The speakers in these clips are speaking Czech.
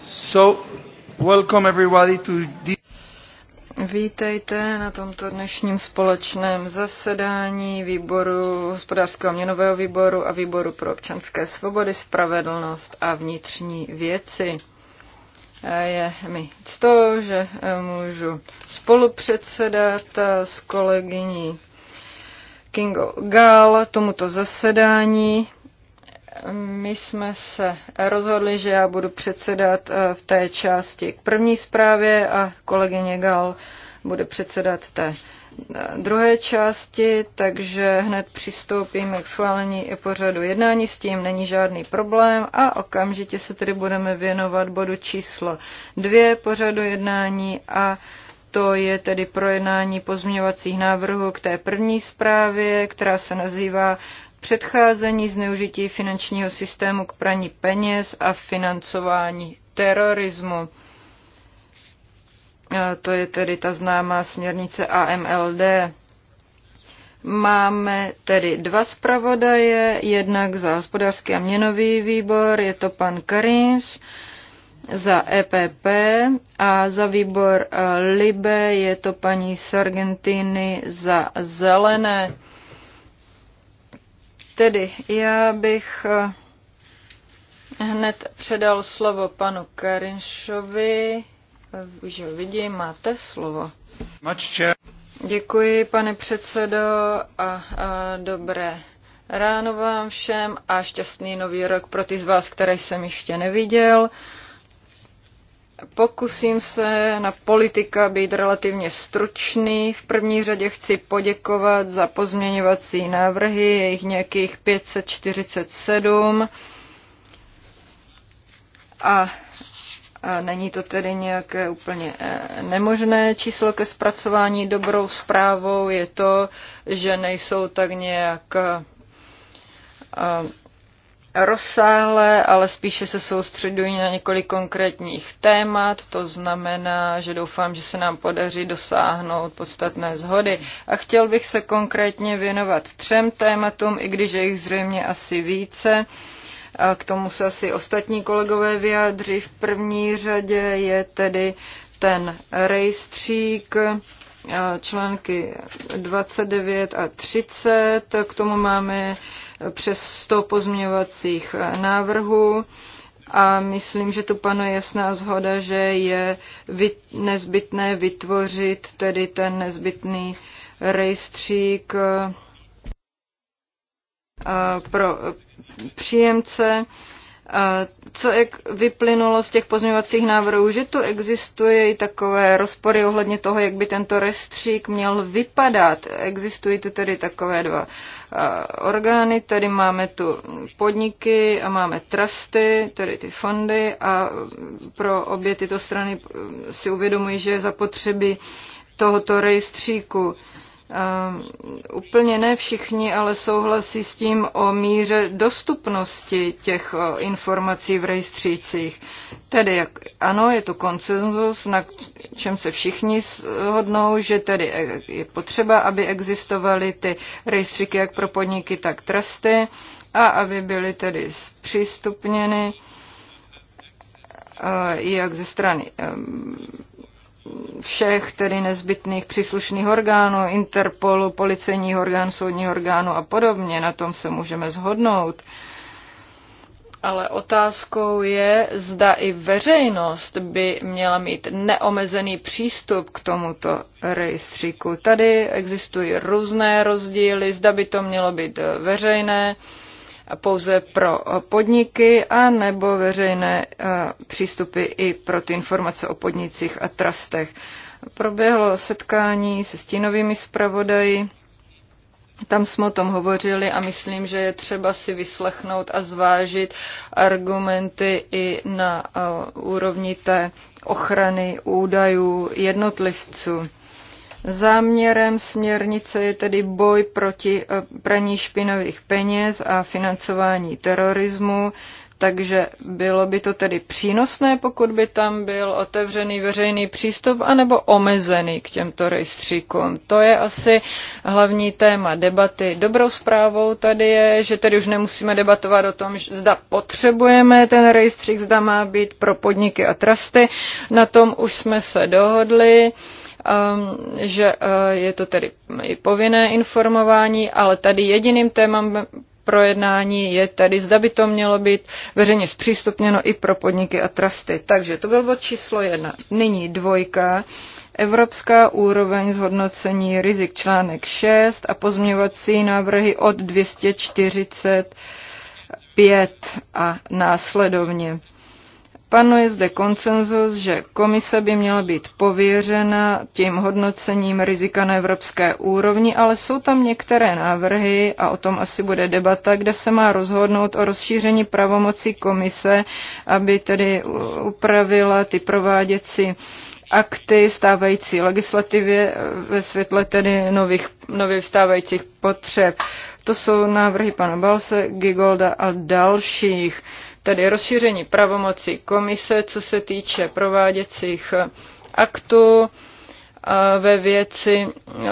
So, welcome everybody to the... Vítejte na tomto dnešním společném zasedání výboru hospodářského měnového výboru a výboru pro občanské svobody, spravedlnost a vnitřní věci. Je mi ctou, že e, můžu spolupředsedat e, s kolegyní Kingo Gal tomuto zasedání my jsme se rozhodli, že já budu předsedat eh, v té části k první zprávě a kolegyně Gal bude předsedat té eh, druhé části, takže hned přistoupíme k schválení i pořadu jednání, s tím není žádný problém a okamžitě se tedy budeme věnovat bodu číslo dvě pořadu jednání a to je tedy projednání pozměňovacích návrhů k té první zprávě, která se nazývá předcházení zneužití finančního systému k praní peněz a financování terorismu. To je tedy ta známá směrnice AMLD. Máme tedy dva zpravodaje, jednak za hospodářský a měnový výbor, je to pan Karins, za EPP a za výbor eh, LIBE je to paní Sargentini za zelené. Tedy já bych eh, hned předal slovo panu Karinšovi. Už ho vidím, máte slovo. Děkuji, pane předsedo, a, a dobré ráno vám všem a šťastný nový rok pro ty z vás, které jsem ještě neviděl. Pokusím se na politika být relativně stručný. V první řadě chci poděkovat za pozměňovací návrhy, jejich jich nějakých 547. A, a není to tedy nějaké úplně e, nemožné číslo ke zpracování. Dobrou zprávou je to, že nejsou tak nějak. A, rozsáhlé, ale spíše se soustředují na několik konkrétních témat. To znamená, že doufám, že se nám podaří dosáhnout podstatné zhody. A chtěl bych se konkrétně věnovat třem tématům, i když je jich zřejmě asi více. A k tomu se asi ostatní kolegové vyjádří. V první řadě je tedy ten rejstřík články 29 a 30. K tomu máme přes 100 pozměňovacích eh, návrhů a myslím, že tu panuje jasná zhoda, že je nezbytné vytvořit tedy ten nezbytný rejstřík eh, eh, pro příjemce co jak vyplynulo z těch pozměňovacích návrhů, že tu existuje i takové rozpory ohledně toho, jak by tento restřík měl vypadat. Existují tu tedy takové dva orgány, tedy máme tu podniky a máme trusty, tedy ty fondy a pro obě tyto strany si uvědomují, že je zapotřebí tohoto rejstříku. Ehm, úplně ne všichni, ale souhlasí s tím o míře dostupnosti těch eh, informací v rejstřících. Tedy jak, ano, je to konsenzus, na čem se všichni shodnou, že tedy eh, je potřeba, aby existovaly ty rejstříky jak pro podniky, tak trusty a aby byly tedy zpřístupněny eh, jak ze strany ehm, všech tedy nezbytných příslušných orgánů, Interpolu, policejních orgánů, soudních orgánů a podobně. Na tom se můžeme zhodnout. Ale otázkou je, zda i veřejnost by měla mít neomezený přístup k tomuto rejstříku. Tady existují různé rozdíly, zda by to mělo být veřejné, pouze pro eh, podniky a nebo veřejné eh, přístupy i pro ty informace o podnicích a trastech. Proběhlo setkání se stínovými zpravodaji. Tam jsme o tom hovořili a myslím, že je třeba si vyslechnout a zvážit argumenty i na eh, úrovni té ochrany údajů jednotlivců. Záměrem směrnice je tedy boj proti eh, praní špinavých peněz a financování terorismu, takže bylo by to tedy přínosné, pokud by tam byl otevřený veřejný přístup anebo omezený k těmto rejstříkům. To je asi hlavní téma debaty. Dobrou zprávou tady je, že tedy už nemusíme debatovat o tom, zda potřebujeme ten rejstřík, zda má být pro podniky a trusty. Na tom už jsme se dohodli. Um, že uh, je to tedy i povinné informování, ale tady jediným témam projednání je tedy, zda by to mělo být veřejně zpřístupněno i pro podniky a trusty. Takže to byl bod číslo jedna. Nyní dvojka. Evropská úroveň zhodnocení rizik článek 6 a pozměňovací návrhy od 245 a následovně. Panuje zde konsenzus, že komise by měla být pověřena tím hodnocením rizika na evropské úrovni, ale jsou tam některé návrhy, a o tom asi bude debata, kde se má rozhodnout o rozšíření pravomocí komise, aby tedy upravila ty prováděcí akty stávající legislativě eh, ve světle tedy nových, nově vstávajících potřeb. To jsou návrhy pana Balse, Gigolda a dalších tedy rozšíření pravomocí komise, co se týče prováděcích aktů, ve věci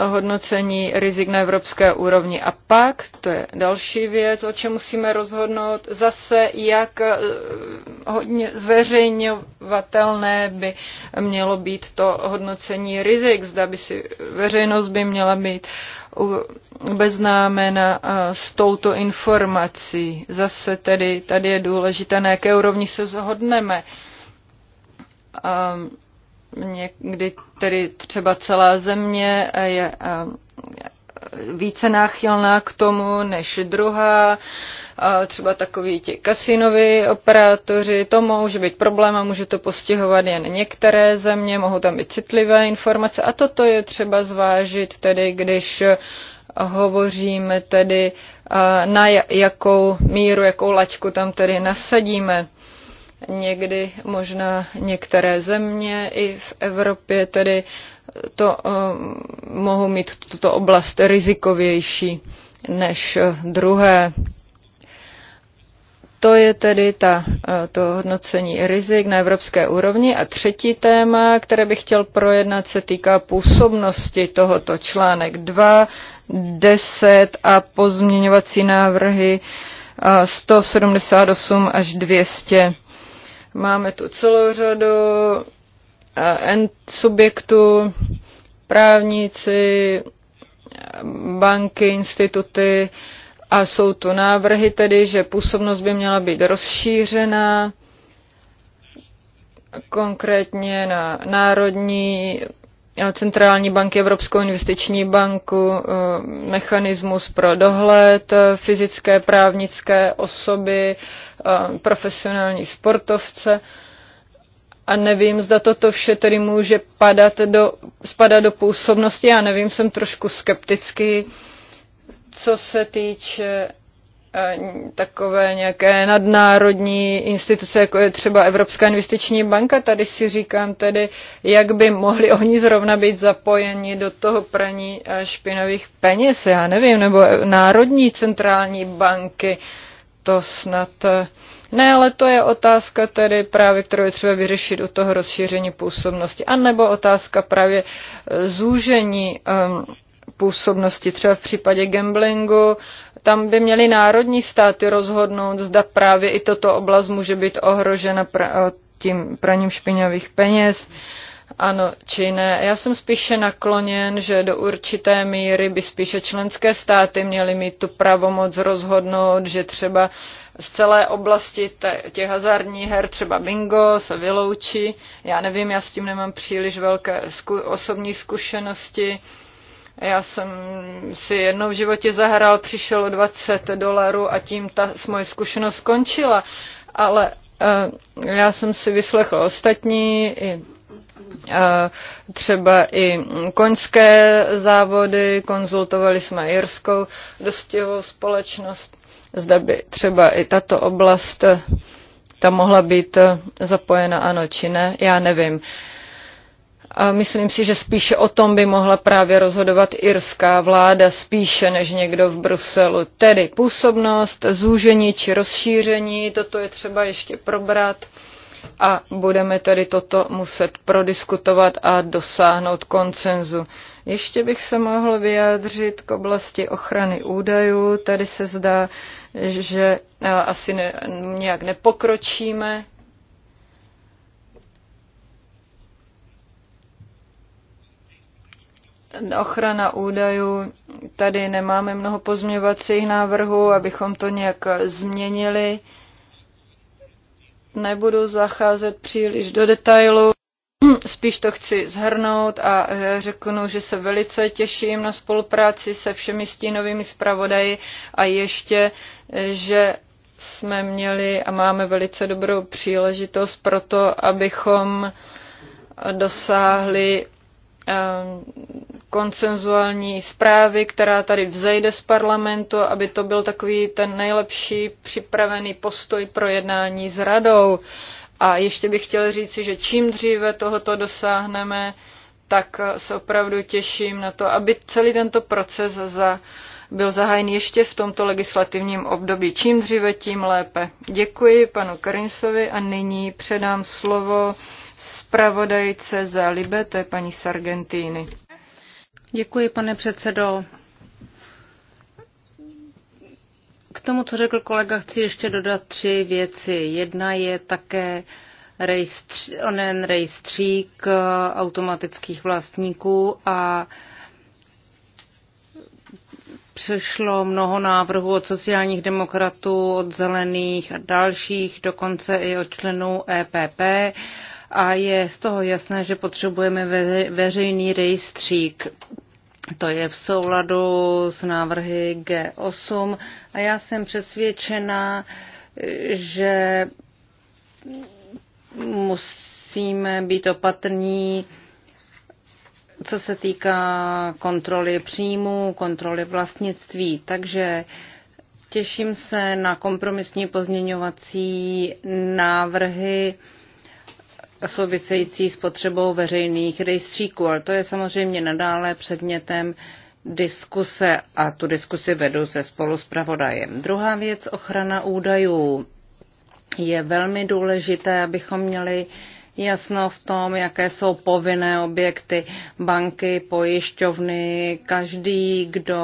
hodnocení rizik na evropské úrovni. A pak, to je další věc, o čem musíme rozhodnout, zase jak eh, hodně zveřejňovatelné by mělo být to hodnocení rizik, zda by si veřejnost by měla být beznámena eh, s touto informací. Zase tedy tady je důležité, na jaké úrovni se zhodneme. Um, ehm, někdy tedy třeba celá země je eh, více náchylná k tomu než druhá. Třeba takový ti kasinoví operátoři, to může být problém a může to postihovat jen některé země, mohou tam být citlivé informace a toto je třeba zvážit tedy, když hovoříme tedy eh, na jakou míru, jakou laťku tam tedy nasadíme. Někdy možná některé země i v Evropě tedy to uh, mohou mít tuto oblast rizikovější než eh, druhé. To je tedy ta, eh, to hodnocení rizik na evropské úrovni. A třetí téma, které bych chtěl projednat, se týká působnosti tohoto článek 2, 10 a pozměňovací návrhy 178 až 200. Máme tu celou řadu eh, subjektů, právníci, banky, instituty a jsou tu návrhy tedy, že působnost by měla být rozšířena konkrétně na národní Eh, centrální banky, Evropskou investiční banku, eh, mechanismus pro dohled, eh, fyzické, právnické osoby, profesionální sportovce. A nevím, zda toto vše tedy může padat do, spadat do působnosti. Já nevím, jsem trošku skeptický, co se týče takové nějaké nadnárodní instituce, jako je třeba Evropská investiční banka. Tady si říkám tedy, jak by mohli oni zrovna být zapojeni do toho praní špinavých peněz, já nevím, nebo národní centrální banky, to snad... Eh, ne, ale to je otázka tedy právě, kterou je třeba vyřešit u toho rozšíření působnosti. A nebo otázka právě eh, zúžení um, působnosti, třeba v případě gamblingu, tam by měly národní státy rozhodnout, zda právě i toto oblast může být ohrožena pra- eh, tím praním špinavých peněz. Ano, či ne. Já jsem spíše nakloněn, že do určité míry by spíše členské státy měly mít tu pravomoc rozhodnout, že třeba z celé oblasti těch hazardních her, třeba bingo, se vyloučí. Já nevím, já s tím nemám příliš velké zku- osobní zkušenosti. Já jsem si jednou v životě zahrál, přišel o 20 dolarů a tím ta moje zkušenost skončila. Ale eh, já jsem si vyslechl ostatní, i eh, třeba i koňské závody, konzultovali jsme jirskou dostihovou společnost. Zda by třeba i tato oblast eh, ta mohla být zapojena, ano či ne, já nevím. Uh, a myslím si, že spíše o tom by mohla právě rozhodovat irská vláda, spíše než někdo v Bruselu. Tedy působnost, zúžení či rozšíření, toto je třeba ještě probrat a budeme tedy toto muset prodiskutovat a dosáhnout koncenzu. Ještě bych se mohl vyjádřit k oblasti ochrany údajů. Tady se zdá, že asi ne, nějak nepokročíme ochrana údajů. Tady nemáme mnoho pozměvacích návrhů, abychom to nějak změnili. Nebudu zacházet příliš do detailu. Spíš to chci zhrnout a eh, řeknu, že se velice těším na spolupráci se všemi stínovými zpravodaji a ještě, eh, že jsme měli a máme velice dobrou příležitost pro to, abychom dosáhli Ehm, konsenzuální zprávy, která tady vzejde z parlamentu, aby to byl takový ten nejlepší připravený postoj pro jednání s radou. A ještě bych chtěl říci, že čím dříve tohoto dosáhneme, tak eh, se opravdu těším na to, aby celý tento proces za, byl zahájen ještě v tomto legislativním období. Čím dříve, tím lépe. Děkuji panu Karinsovi a nyní předám slovo Spravodajce za Libe, to je paní Sargentini. Děkuji, pane předsedo. K tomu, co řekl kolega, chci ještě dodat tři věci. Jedna je také rejstří, onen rejstřík automatických vlastníků a přešlo mnoho návrhů od sociálních demokratů, od zelených a dalších, dokonce i od členů EPP a je z toho jasné, že potřebujeme veřejný rejstřík. To je v souladu s návrhy G8 a já jsem přesvědčena, že musíme být opatrní, co se týká kontroly příjmů, kontroly vlastnictví. Takže těším se na kompromisní pozměňovací návrhy související s potřebou veřejných rejstříků, ale to je samozřejmě nadále předmětem diskuse a tu diskusi vedu se spolu s pravodajem. Druhá věc, ochrana údajů. Je velmi důležité, abychom měli jasno v tom, jaké jsou povinné objekty, banky, pojišťovny, každý, kdo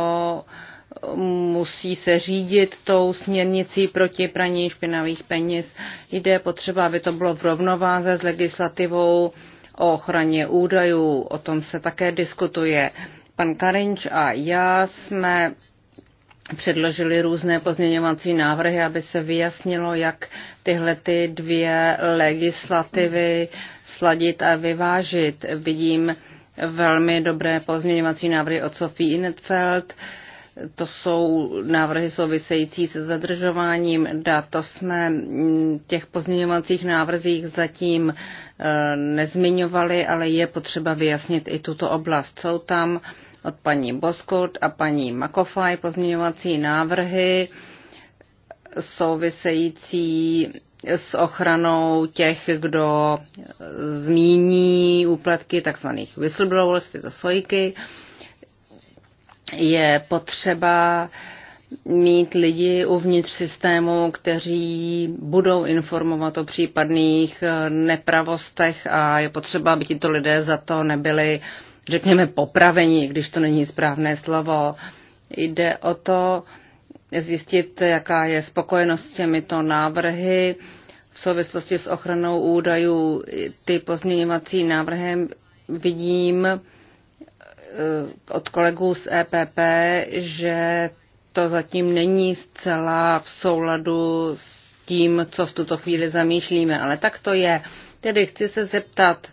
musí se řídit tou směrnicí proti praní špinavých peněz. Jde potřeba, aby to bylo v rovnováze s legislativou o ochraně údajů. O tom se také diskutuje. Pan Karinč a já jsme předložili různé pozměňovací návrhy, aby se vyjasnilo, jak tyhle ty dvě legislativy sladit a vyvážit. Vidím velmi dobré pozměňovací návrhy od Sofie Inetfeld, to jsou návrhy související se zadržováním dat. To jsme těch pozměňovacích návrzích zatím eh, nezmiňovali, ale je potřeba vyjasnit i tuto oblast. Jsou tam od paní Boskot a paní Makofaj pozměňovací návrhy související s ochranou těch, kdo zmíní úplatky tzv. whistleblowers, tyto sojky. Uh, je potřeba mít lidi uvnitř systému, kteří budou informovat o případných eh, nepravostech a je potřeba, aby tito lidé za to nebyli, řekněme, popraveni, když to není správné slovo. Jde o to zjistit, jaká je spokojenost s těmito návrhy v souvislosti s ochranou údajů. Ty pozměňovací návrhy vidím, Eh, od kolegů z EPP, že to zatím není zcela v souladu s tím, co v tuto chvíli zamýšlíme, ale tak to je. Tedy chci se zeptat,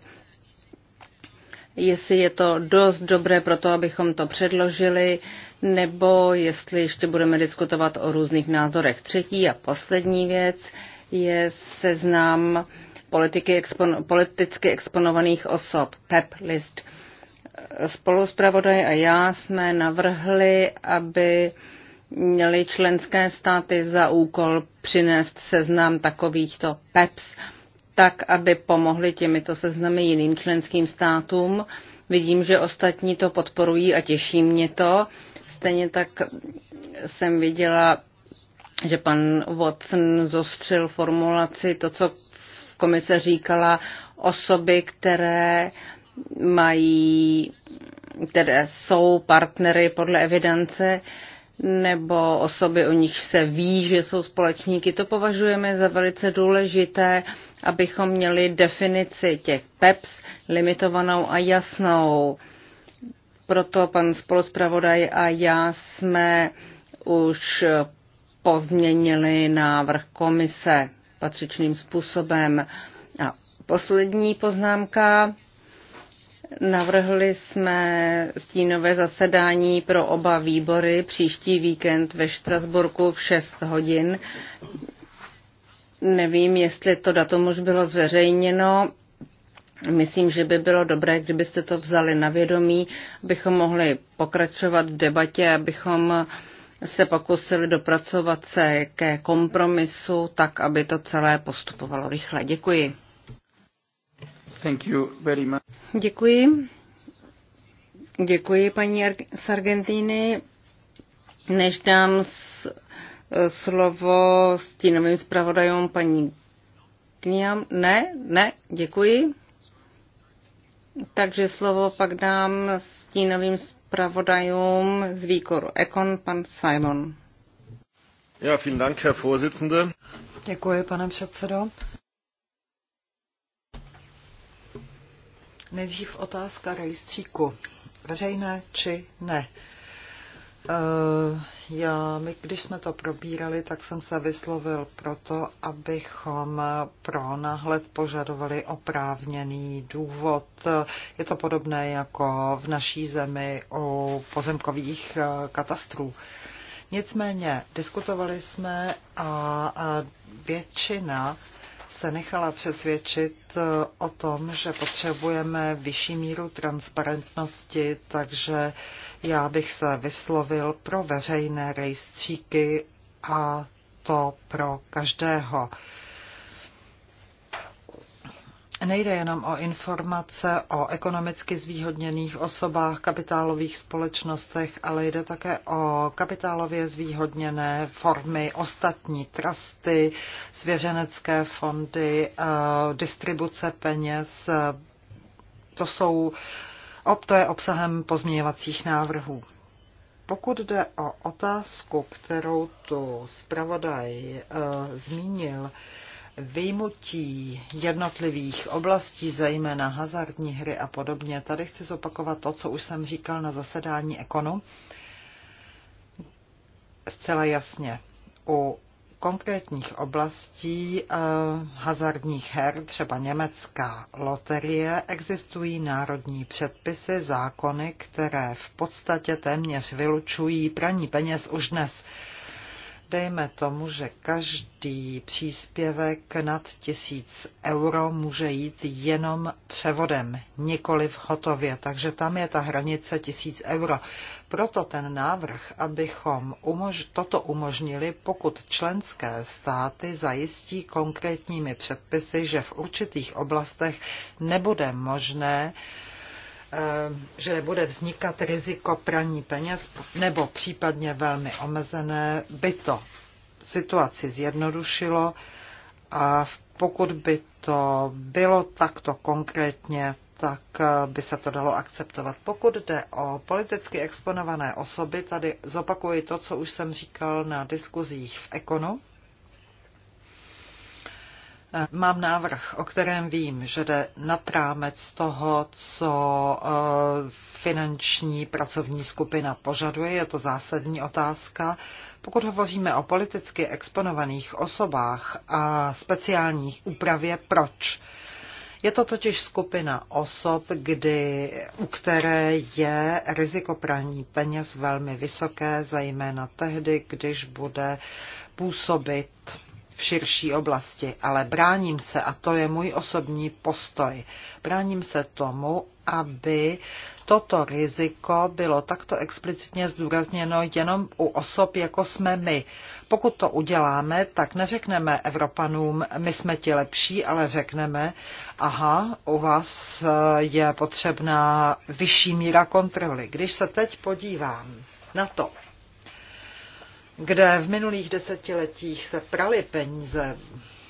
jestli je to dost dobré pro to, abychom to předložili, nebo jestli ještě budeme diskutovat o různých názorech. Třetí a poslední věc je seznam politiky expon- politicky exponovaných osob, PEP list. Spoluzpravodaj a já jsme navrhli, aby měly členské státy za úkol přinést seznam takovýchto PEPS, tak aby pomohli těmito seznamy jiným členským státům. Vidím, že ostatní to podporují a těší mě to. Stejně tak jsem viděla, že pan Watson zostřil formulaci to, co komise říkala, osoby, které mají, které jsou partnery podle evidence, nebo osoby, o nich se ví, že jsou společníky. To považujeme za velice důležité, abychom měli definici těch PEPS limitovanou a jasnou. Proto pan spoluzpravodaj a já jsme už pozměnili návrh komise patřičným způsobem. A poslední poznámka Navrhli jsme stínové zasedání pro oba výbory příští víkend ve Štrasburku v 6 hodin. Nevím, jestli to datum už bylo zveřejněno. Myslím, že by bylo dobré, kdybyste to vzali na vědomí, abychom mohli pokračovat v debatě, abychom se pokusili dopracovat se ke kompromisu, tak aby to celé postupovalo rychle. Děkuji. Děkuji. Děkuji paní Sargentini. Než dám eh, slovo stínovým zpravodajům paní Kniam. Ne, ne, děkuji. Takže slovo pak dám stínovým zpravodajům z výkoru Ekon, pan Simon. Ja, vielen Dank, Herr Vorsitzende. Děkuji, pane předsedo. Nejdřív otázka rejstříku. Veřejné či ne? Eh, já, my, když jsme to probírali, tak jsem se vyslovil proto, abychom pro náhled požadovali oprávněný důvod. Je to podobné jako v naší zemi u pozemkových eh, katastrů. Nicméně diskutovali jsme a, a většina se nechala přesvědčit eh, o tom, že potřebujeme vyšší míru transparentnosti, takže já bych se vyslovil pro veřejné rejstříky a to pro každého. Nejde jenom o informace o ekonomicky zvýhodněných osobách, kapitálových společnostech, ale jde také o kapitálově zvýhodněné formy, ostatní trusty, svěřenecké fondy, eh, distribuce peněz. To, jsou, to je obsahem pozměňovacích návrhů. Pokud jde o otázku, kterou tu zpravodaj e, zmínil, e, vyjmutí jednotlivých oblastí, zejména hazardní hry a podobně. Tady chci zopakovat to, co už jsem říkal na zasedání Ekonu. Zcela jasně. U konkrétních oblastí eh, hazardních her, třeba německá loterie, existují národní předpisy, zákony, které v podstatě téměř vylučují praní peněz už dnes. Eh, dejme tomu, že každý příspěvek nad tisíc euro může jít jenom převodem, nikoli v hotově, takže tam je ta hranice tisíc euro. Proto ten návrh, abychom umož- toto umožnili, pokud členské státy zajistí konkrétními předpisy, že v určitých oblastech nebude možné uh, Eh, že bude vznikat riziko praní peněz nebo případně velmi omezené, by to situaci zjednodušilo a pokud by to bylo takto konkrétně, tak eh, by se to dalo akceptovat. Pokud jde o politicky exponované osoby, tady zopakuji to, co už jsem říkal na diskuzích v Ekonu. Eh, mám návrh, o kterém vím, že jde nad rámec toho, co eh, finanční pracovní skupina požaduje. Je to zásadní otázka. Pokud hovoříme o politicky exponovaných osobách a speciálních úpravě, proč? Je to totiž skupina osob, kdy, u které je riziko praní peněz velmi vysoké, zejména tehdy, když bude působit v širší oblasti, ale bráním se, a to je můj osobní postoj, bráním se tomu, aby toto riziko bylo takto explicitně zdůrazněno jenom u osob, jako jsme my. Pokud to uděláme, tak neřekneme Evropanům, my jsme ti lepší, ale řekneme, aha, u vás je potřebná vyšší míra kontroly. Když se teď podívám na to, kde v minulých desetiletích se praly peníze,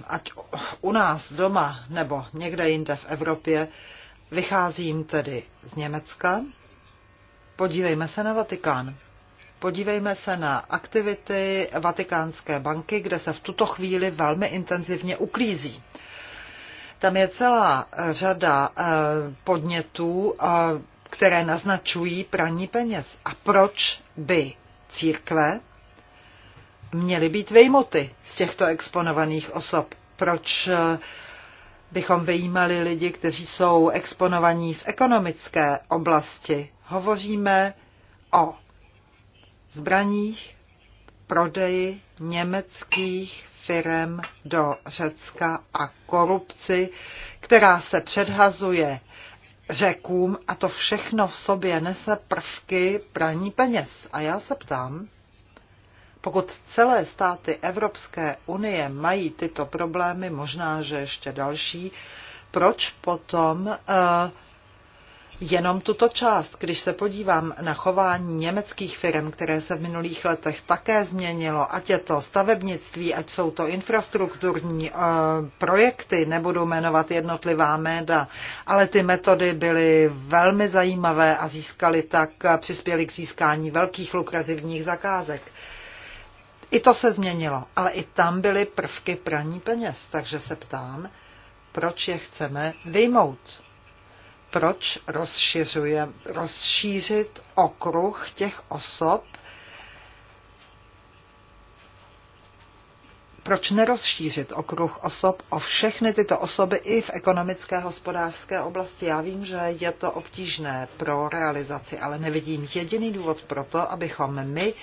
ať u nás doma nebo někde jinde v Evropě, vycházím tedy z Německa. Podívejme se na Vatikán. Podívejme se na aktivity Vatikánské banky, kde se v tuto chvíli velmi intenzivně uklízí. Tam je celá řada eh, podnětů, eh, které naznačují praní peněz. A proč by církve měly být vyjmuty z těchto exponovaných osob. Proč eh, bychom vyjímali lidi, kteří jsou exponovaní v ekonomické oblasti? Hovoříme o zbraních, prodeji německých firem do Řecka a korupci, která se předhazuje řekům a to všechno v sobě nese prvky praní peněz. A já se ptám, pokud celé státy Evropské unie mají tyto problémy, možná, že ještě další, proč potom eh, jenom tuto část? Když se podívám na chování německých firm, které se v minulých letech také změnilo, ať je to stavebnictví, ať jsou to infrastrukturní eh, projekty, nebudu jmenovat jednotlivá méda, ale ty metody byly velmi zajímavé a získali tak, eh, přispěly k získání velkých lukrativních zakázek. I to se změnilo, ale i tam byly prvky praní peněz, takže se ptám, proč je chceme vyjmout. Proč rozšiřuje, rozšířit okruh těch osob, proč nerozšířit okruh osob o všechny tyto osoby i v ekonomické a hospodářské oblasti? Já vím, že je to obtížné pro realizaci, ale nevidím jediný důvod pro to, abychom my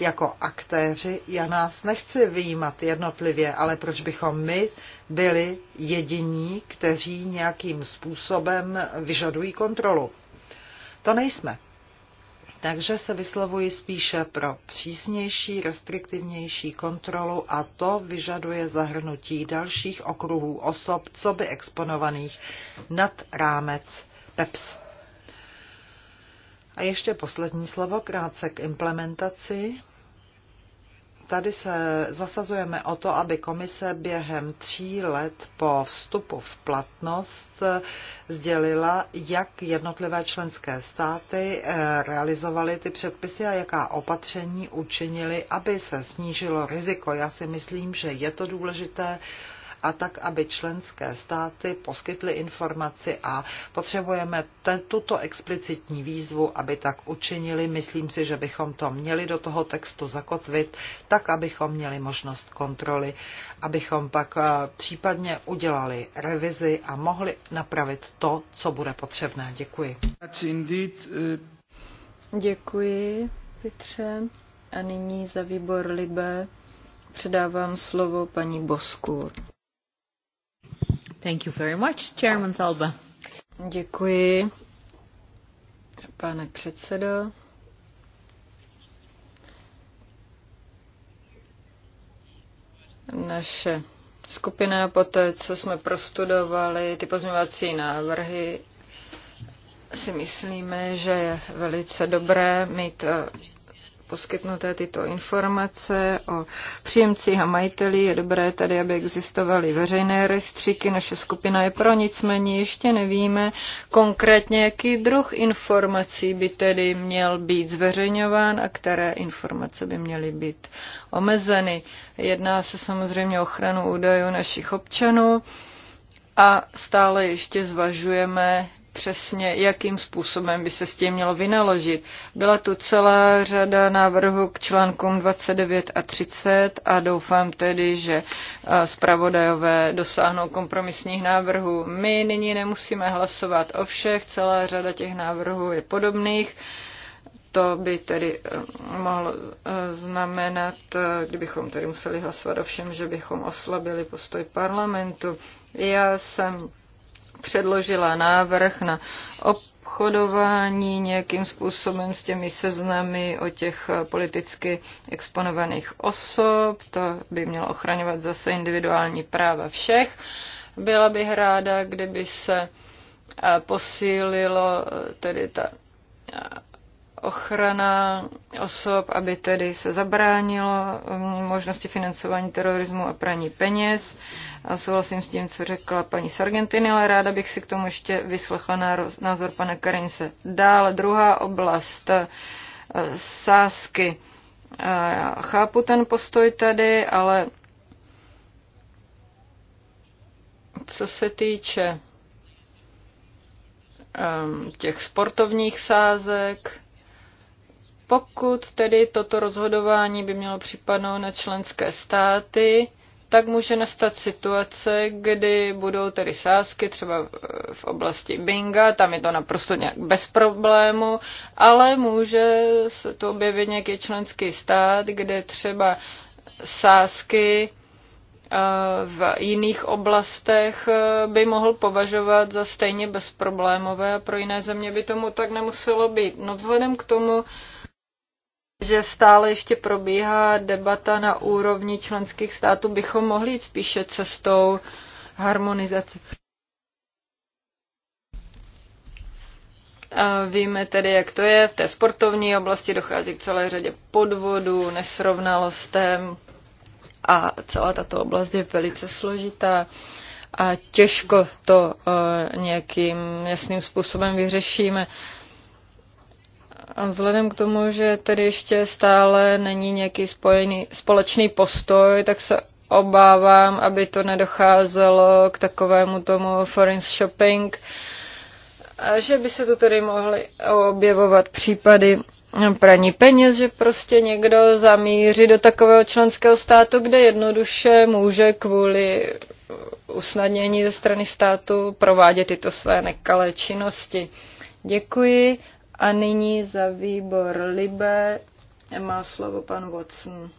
jako aktéři. Já nás nechci vyjímat jednotlivě, ale proč bychom my byli jediní, kteří nějakým způsobem vyžadují kontrolu? To nejsme. Takže se vyslovuji spíše pro přísnější, restriktivnější kontrolu a to vyžaduje zahrnutí dalších okruhů osob, co by exponovaných nad rámec PEPS. A ještě poslední slovo krátce k implementaci. Tady se zasazujeme o to, aby komise během tří let po vstupu v platnost sdělila, jak jednotlivé členské státy eh, realizovaly ty předpisy a jaká opatření učinili, aby se snížilo riziko. Já si myslím, že je to důležité a tak, aby členské státy poskytly informaci a potřebujeme ten, tuto explicitní výzvu, aby tak učinili. Myslím si, že bychom to měli do toho textu zakotvit, tak, abychom měli možnost kontroly, abychom pak eh, případně udělali revizi a mohli napravit to, co bude potřebné. Děkuji. Děkuji, Petře. A nyní za výbor Libe předávám slovo paní Bosku. Thank you very much, Chairman Zalba. Děkuji, pane předsedo. Naše skupina, poté co jsme prostudovali ty pozměňovací návrhy, si myslíme, že je velice dobré mít eh, poskytnuté tyto informace o příjemcích a majiteli. Je dobré tady, aby existovaly veřejné rejstříky. Naše skupina je pro, nicméně ještě nevíme konkrétně, jaký druh informací by tedy měl být zveřejňován a které informace by měly být omezeny. Jedná se samozřejmě o ochranu údajů našich občanů a stále ještě zvažujeme, přesně, jakým způsobem by se s tím mělo vynaložit. Byla tu celá řada návrhů k článkům 29 a 30 a doufám tedy, že eh, zpravodajové dosáhnou kompromisních návrhů. My nyní nemusíme hlasovat o všech, celá řada těch návrhů je podobných. To by tedy eh, mohlo eh, znamenat, kdybychom tedy museli hlasovat o všem, že bychom oslabili postoj parlamentu. Já jsem předložila návrh na obchodování nějakým způsobem s těmi seznamy o těch politicky exponovaných osob. To by mělo ochraňovat zase individuální práva všech. Byla bych ráda, kdyby se posílilo tedy ta ochrana osob, aby tedy se zabránilo um, možnosti financování terorismu a praní peněz. A souhlasím s tím, co řekla paní Sargentini, ale ráda bych si k tomu ještě vyslechla názor pana Karince. Dále druhá oblast, eh, sásky. Já eh, chápu ten postoj tady, ale co se týče ehm, těch sportovních sázek, pokud tedy toto rozhodování by mělo připadnout na členské státy, tak může nastat situace, kdy budou tedy sázky třeba v oblasti Binga, tam je to naprosto nějak bez problému, ale může se to objevit nějaký členský stát, kde třeba sázky eh, v jiných oblastech eh, by mohl považovat za stejně bezproblémové a pro jiné země by tomu tak nemuselo být. No vzhledem k tomu, že stále ještě probíhá debata na úrovni členských států, bychom mohli jít spíše cestou harmonizace. A víme tedy, jak to je. V té sportovní oblasti dochází k celé řadě podvodů, nesrovnalostem a celá tato oblast je velice složitá a těžko to eh, nějakým jasným způsobem vyřešíme. A vzhledem k tomu, že tedy ještě stále není nějaký spojený, společný postoj, tak se obávám, aby to nedocházelo k takovému tomu foreign shopping, a že by se tu tedy mohly objevovat případy praní peněz, že prostě někdo zamíří do takového členského státu, kde jednoduše může kvůli usnadnění ze strany státu provádět tyto své nekalé činnosti. Děkuji a nyní za výbor Libe má slovo pan Watson.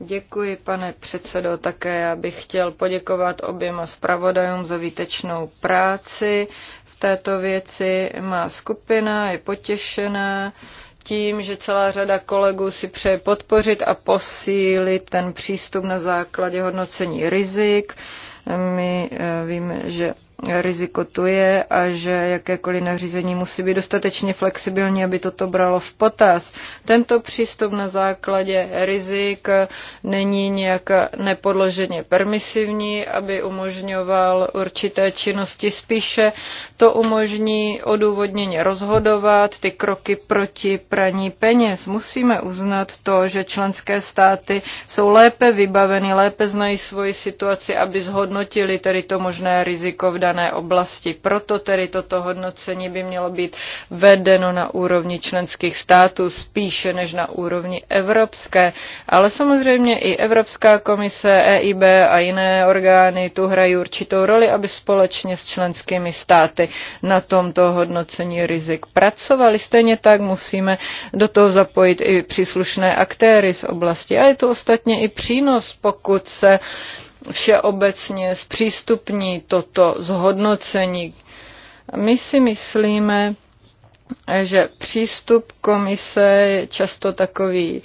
Děkuji, pane předsedo. Také já bych chtěl poděkovat oběma zpravodajům za výtečnou práci v této věci. Má skupina je potěšená tím, že celá řada kolegů si přeje podpořit a posílit ten přístup na základě hodnocení rizik. My eh, víme, že riziko tu je a že jakékoliv nařízení musí být dostatečně flexibilní, aby toto bralo v potaz. Tento přístup na základě rizik není nějak nepodloženě permisivní, aby umožňoval určité činnosti. Spíše to umožní odůvodněně rozhodovat ty kroky proti praní peněz. Musíme uznat to, že členské státy jsou lépe vybaveny, lépe znají svoji situaci, aby zhodnotili tedy to možné riziko v daném dané oblasti. Proto tedy toto hodnocení by mělo být vedeno na úrovni členských států spíše než na úrovni evropské. Ale samozřejmě i Evropská komise, EIB a jiné orgány tu hrají určitou roli, aby společně s členskými státy na tomto hodnocení rizik pracovali. Stejně tak musíme do toho zapojit i příslušné aktéry z oblasti. A je to ostatně i přínos, pokud se uh, všeobecně zpřístupní toto zhodnocení. My si myslíme, že přístup komise je často takový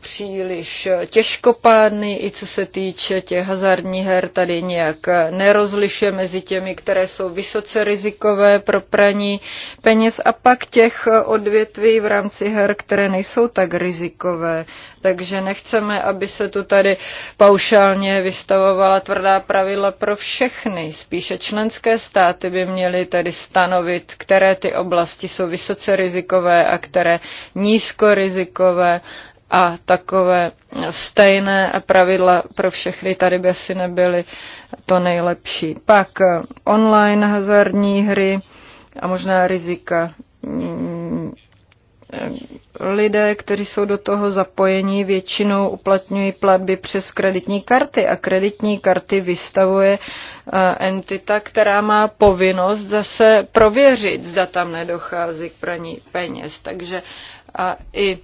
příliš těžkopádný, i co se týče těch hazardních her, tady nějak nerozlišuje mezi těmi, které jsou vysoce rizikové pro praní peněz a pak těch odvětví v rámci her, které nejsou tak rizikové. Takže nechceme, aby se tu tady paušálně vystavovala tvrdá pravidla pro všechny. Spíše členské státy by měly tady stanovit, které ty oblasti jsou vysoce rizikové a které nízkorizikové a takové stejné pravidla pro všechny tady by asi nebyly to nejlepší. Pak eh, online hazardní hry a možná rizika. Mm, eh, lidé, kteří jsou do toho zapojeni, většinou uplatňují platby přes kreditní karty a kreditní karty vystavuje eh, entita, která má povinnost zase prověřit, zda tam nedochází k praní peněz. Takže a i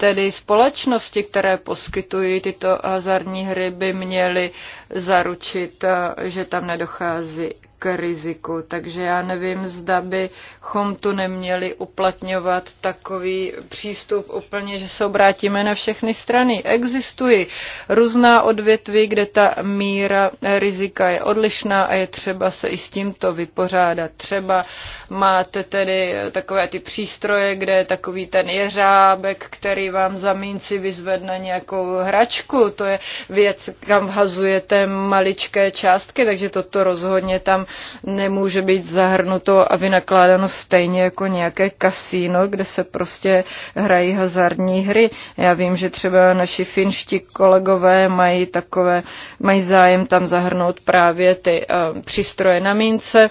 Tedy společnosti, které poskytují tyto hazardní hry, by měly zaručit, eh, že tam nedochází k riziku. Takže já nevím, zda bychom tu neměli uplatňovat takový přístup úplně, že se obrátíme na všechny strany. Existují různá odvětví, kde ta míra rizika je odlišná a je třeba se i s tímto vypořádat. Třeba máte tedy takové ty přístroje, kde je takový ten jeřábek, který vám za mínci vyzvedne nějakou hračku. To je věc, kam vhazujete maličké částky, takže toto rozhodně tam nemůže být zahrnuto a vynakládáno stejně jako nějaké kasíno, kde se prostě hrají hazardní hry. Já vím, že třeba naši finští kolegové mají takové, mají zájem tam zahrnout právě ty uh, přístroje na mince,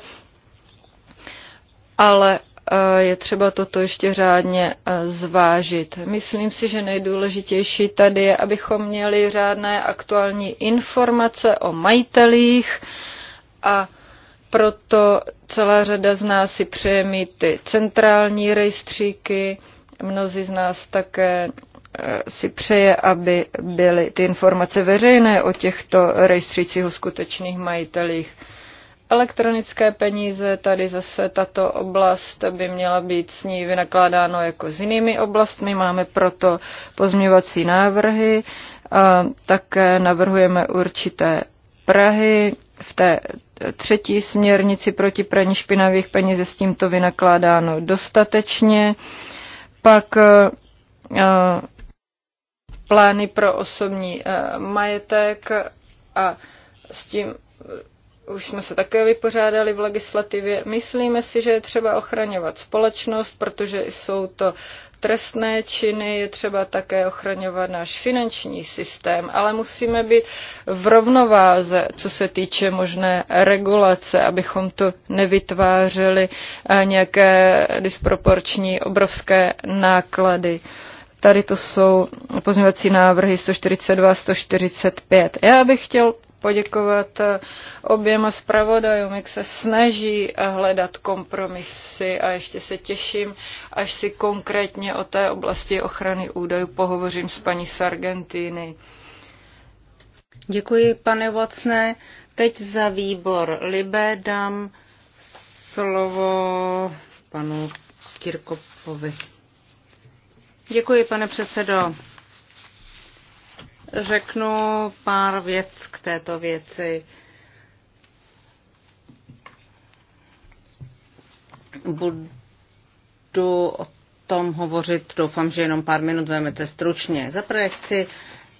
ale eh, je třeba toto ještě řádně eh, zvážit. Myslím si, že nejdůležitější tady je, abychom měli řádné aktuální informace o majitelích a proto celá řada z nás si přeje mít ty centrální rejstříky, mnozí z nás také eh, si přeje, aby byly ty informace veřejné o těchto rejstřících o skutečných majitelích. Elektronické peníze, tady zase tato oblast by měla být s ní vynakládáno jako s jinými oblastmi. Máme proto pozměvací návrhy, také navrhujeme určité Prahy v té třetí směrnici proti praní špinavých peněz je s tímto vynakládáno dostatečně. Pak eh, eh, plány pro osobní eh, majetek a s tím už jsme se také vypořádali v legislativě. Myslíme si, že je třeba ochraňovat společnost, protože jsou to trestné činy, je třeba také ochraňovat náš finanční systém, ale musíme být v rovnováze, co se týče možné regulace, abychom to nevytvářeli eh, nějaké disproporční obrovské náklady. Tady to jsou pozměňovací návrhy 142 145. Já bych chtěl poděkovat eh, oběma zpravodajům, jak se snaží eh, hledat kompromisy a ještě se těším, až si konkrétně o té oblasti ochrany údajů pohovořím s paní Sargentiny. Děkuji, pane Vocné. Teď za výbor Libé dám slovo panu Kirkopovi. Děkuji, pane předsedo řeknu pár věc k této věci. Budu o tom hovořit, doufám, že jenom pár minut vezmete stručně. Za projekci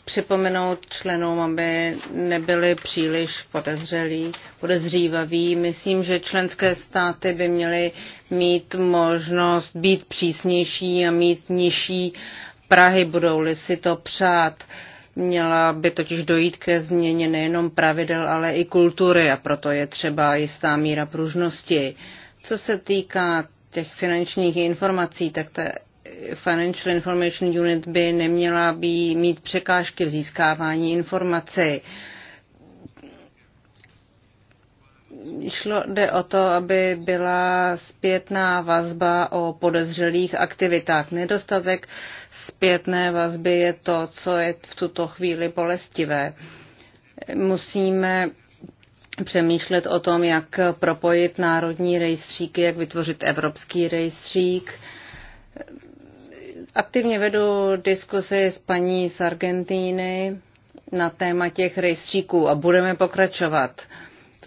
připomenout členům, aby nebyli příliš podezřelí, podezřívaví. Myslím, že členské státy by měly mít možnost být přísnější a mít nižší Prahy, budou-li si to přát. Uh, Měla by totiž dojít ke změně nejenom pravidel, ale i kultury a proto je třeba jistá míra pružnosti. Co se týká těch finančních informací, tak ta Financial Information Unit by neměla být mít překážky v získávání informací. Uh, šlo, jde o to, aby byla zpětná vazba o podezřelých aktivitách. Nedostatek zpětné vazby je to, co je v tuto chvíli bolestivé. Musíme přemýšlet o tom, jak propojit národní rejstříky, jak vytvořit evropský rejstřík. Aktivně vedu diskuzi s paní z Argentíny na téma těch rejstříků a budeme pokračovat.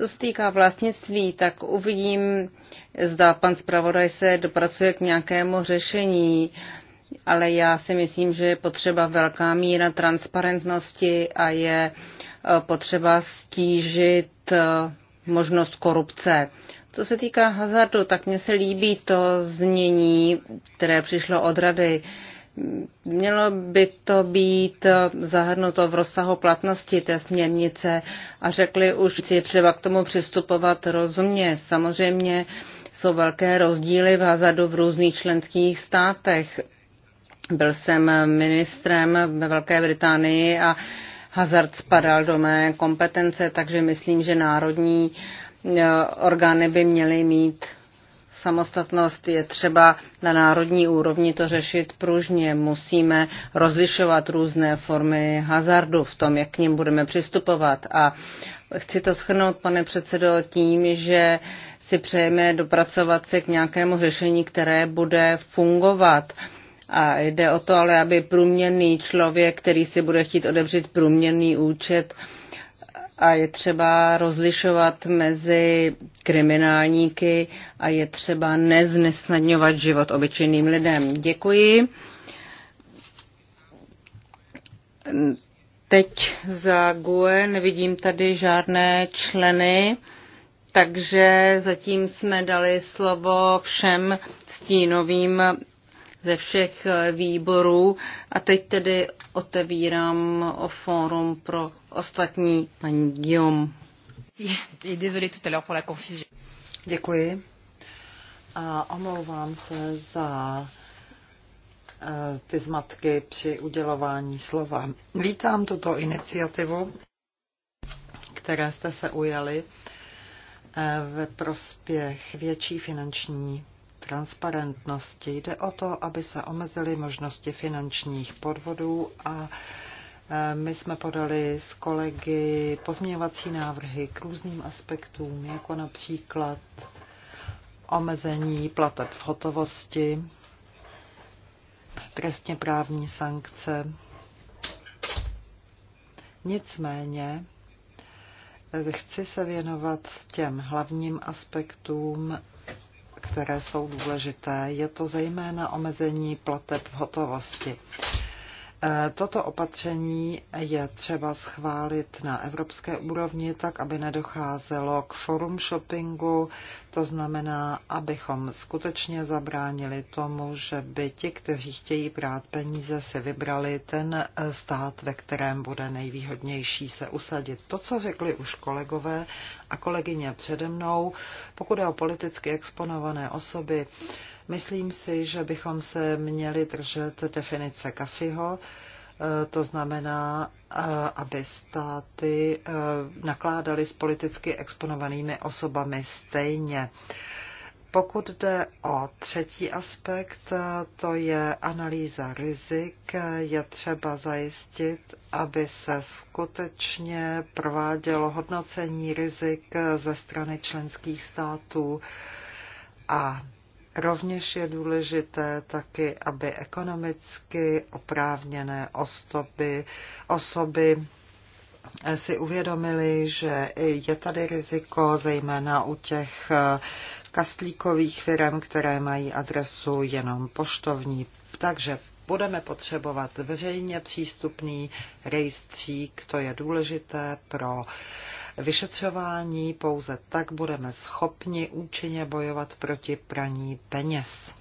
Co se týká vlastnictví, tak uvidím, zda pan zpravodaj se dopracuje k nějakému řešení, ale já si myslím, že je potřeba velká míra transparentnosti a je eh, potřeba stížit eh, možnost korupce. Co se týká hazardu, tak mně se líbí to znění, které přišlo od rady. Mělo by to být eh, zahrnuto v rozsahu platnosti té směrnice a řekli už, je třeba k tomu přistupovat rozumně. Samozřejmě jsou velké rozdíly v hazardu v různých členských státech. Byl jsem ministrem ve Velké Británii a hazard spadal do mé kompetence, takže myslím, že národní eh, orgány by měly mít samostatnost je třeba na národní úrovni to řešit pružně. Musíme rozlišovat různé formy hazardu v tom, jak k ním budeme přistupovat. A chci to schrnout, pane předsedo, tím, že si přejeme dopracovat se k nějakému řešení, které bude fungovat. A jde o to ale, aby průměrný člověk, který si bude chtít odevřít průměrný účet, a je třeba rozlišovat mezi kriminálníky a je třeba neznesnadňovat život obyčejným lidem. Děkuji. Teď za GUE nevidím tady žádné členy, takže zatím jsme dali slovo všem stínovým ze všech eh, výborů. A teď tedy otevírám o eh, fórum pro ostatní paní Guillaume. la Děkuji. A omlouvám se za eh, ty zmatky při udělování slova. Vítám tuto iniciativu, které jste se ujali ve prospěch větší finanční transparentnosti. Jde o to, aby se omezily možnosti finančních podvodů a e, my jsme podali s kolegy pozměňovací návrhy k různým aspektům, jako například omezení plateb v hotovosti, trestně právní sankce. Nicméně e, chci se věnovat těm hlavním aspektům, které jsou důležité. Je to zejména omezení plateb v hotovosti. Toto opatření je třeba schválit na evropské úrovni tak, aby nedocházelo k forum shoppingu, to znamená, abychom skutečně zabránili tomu, že by ti, kteří chtějí brát peníze, si vybrali ten eh, stát, ve kterém bude nejvýhodnější se usadit. To, co řekli už kolegové a kolegyně přede mnou, pokud je o politicky exponované osoby, Myslím si, že bychom se měli držet definice Kafiho, eh, to znamená, eh, aby státy eh, nakládaly s politicky exponovanými osobami stejně. Pokud jde o třetí aspekt, to je analýza rizik. Je třeba zajistit, aby se skutečně provádělo hodnocení rizik ze strany členských států a Rovněž je důležité taky, aby ekonomicky oprávněné osoby, osoby si uvědomili, že je tady riziko, zejména u těch eh, kastlíkových firm, které mají adresu jenom poštovní. Takže budeme potřebovat veřejně přístupný rejstřík, to je důležité pro vyšetřování, pouze tak budeme schopni účinně bojovat proti praní peněz.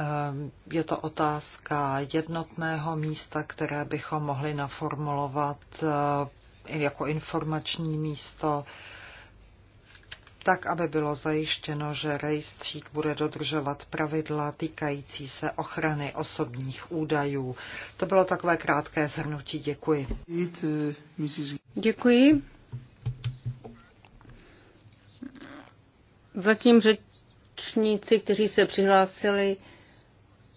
Ehm, je to otázka jednotného místa, které bychom mohli naformulovat ehm, jako informační místo tak aby bylo zajištěno, že rejstřík bude dodržovat pravidla týkající se ochrany osobních údajů. To bylo takové krátké zhrnutí. Děkuji. Eh, Děkuji. Zatím řečníci, kteří se přihlásili,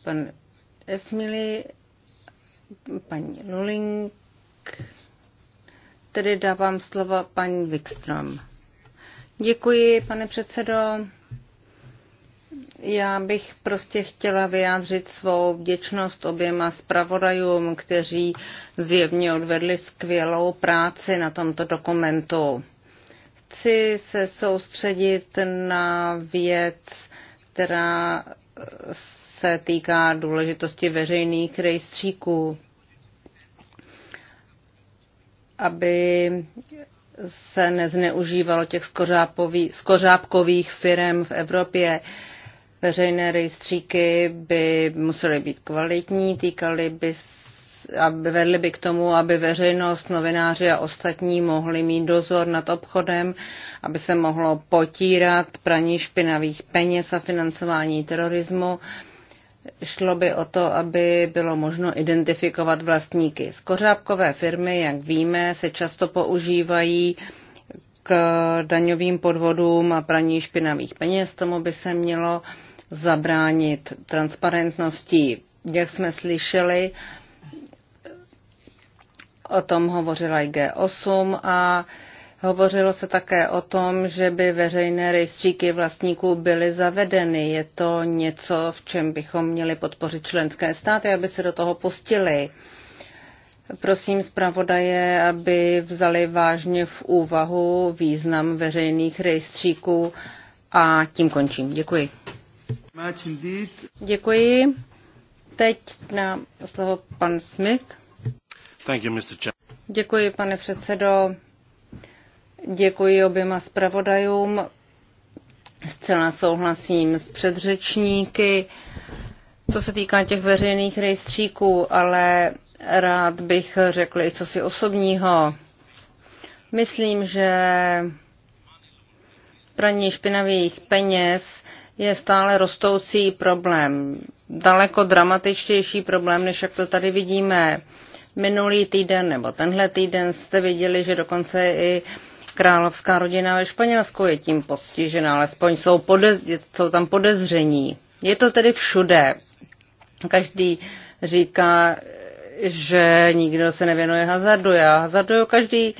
pan Esmili, paní Luling, tedy dávám slova paní Wikström. Děkuji, pane předsedo. Já bych prostě chtěla vyjádřit svou vděčnost oběma zpravodajům, kteří zjevně odvedli skvělou práci na tomto dokumentu. Chci se soustředit na věc, která se týká důležitosti veřejných rejstříků, aby se nezneužívalo těch skořápkových firm v Evropě. Veřejné rejstříky by musely být kvalitní, týkaly by aby vedly by k tomu, aby veřejnost, novináři a ostatní mohli mít dozor nad obchodem, aby se mohlo potírat praní špinavých peněz a financování terorismu. Šlo by o to, aby bylo možno identifikovat vlastníky. Skořápkové firmy, jak víme, se často používají k daňovým podvodům a praní špinavých peněz. Tomu by se mělo zabránit transparentností. Jak jsme slyšeli, o tom hovořila i G8 a Hovořilo se také o tom, že by veřejné rejstříky vlastníků byly zavedeny. Je to něco, v čem bychom měli podpořit členské státy, aby se do toho pustili. Prosím zpravodaje, aby vzali vážně v úvahu význam veřejných rejstříků a tím končím. Děkuji. Děkuji. Teď na slovo pan Smith. Děkuji, pane předsedo. Děkuji oběma zpravodajům. Zcela souhlasím s předřečníky, co se týká těch veřejných rejstříků, ale rád bych řekl i co si osobního. Myslím, že praní špinavých peněz je stále rostoucí problém. Daleko dramatičtější problém, než jak to tady vidíme. Minulý týden nebo tenhle týden jste viděli, že dokonce i uh, královská rodina ve Španělsku je tím postižena, alespoň jsou, podez, jsou tam podezření. Je to tedy všude. Každý říká, že nikdo se nevěnuje hazardu. Já hazarduju každý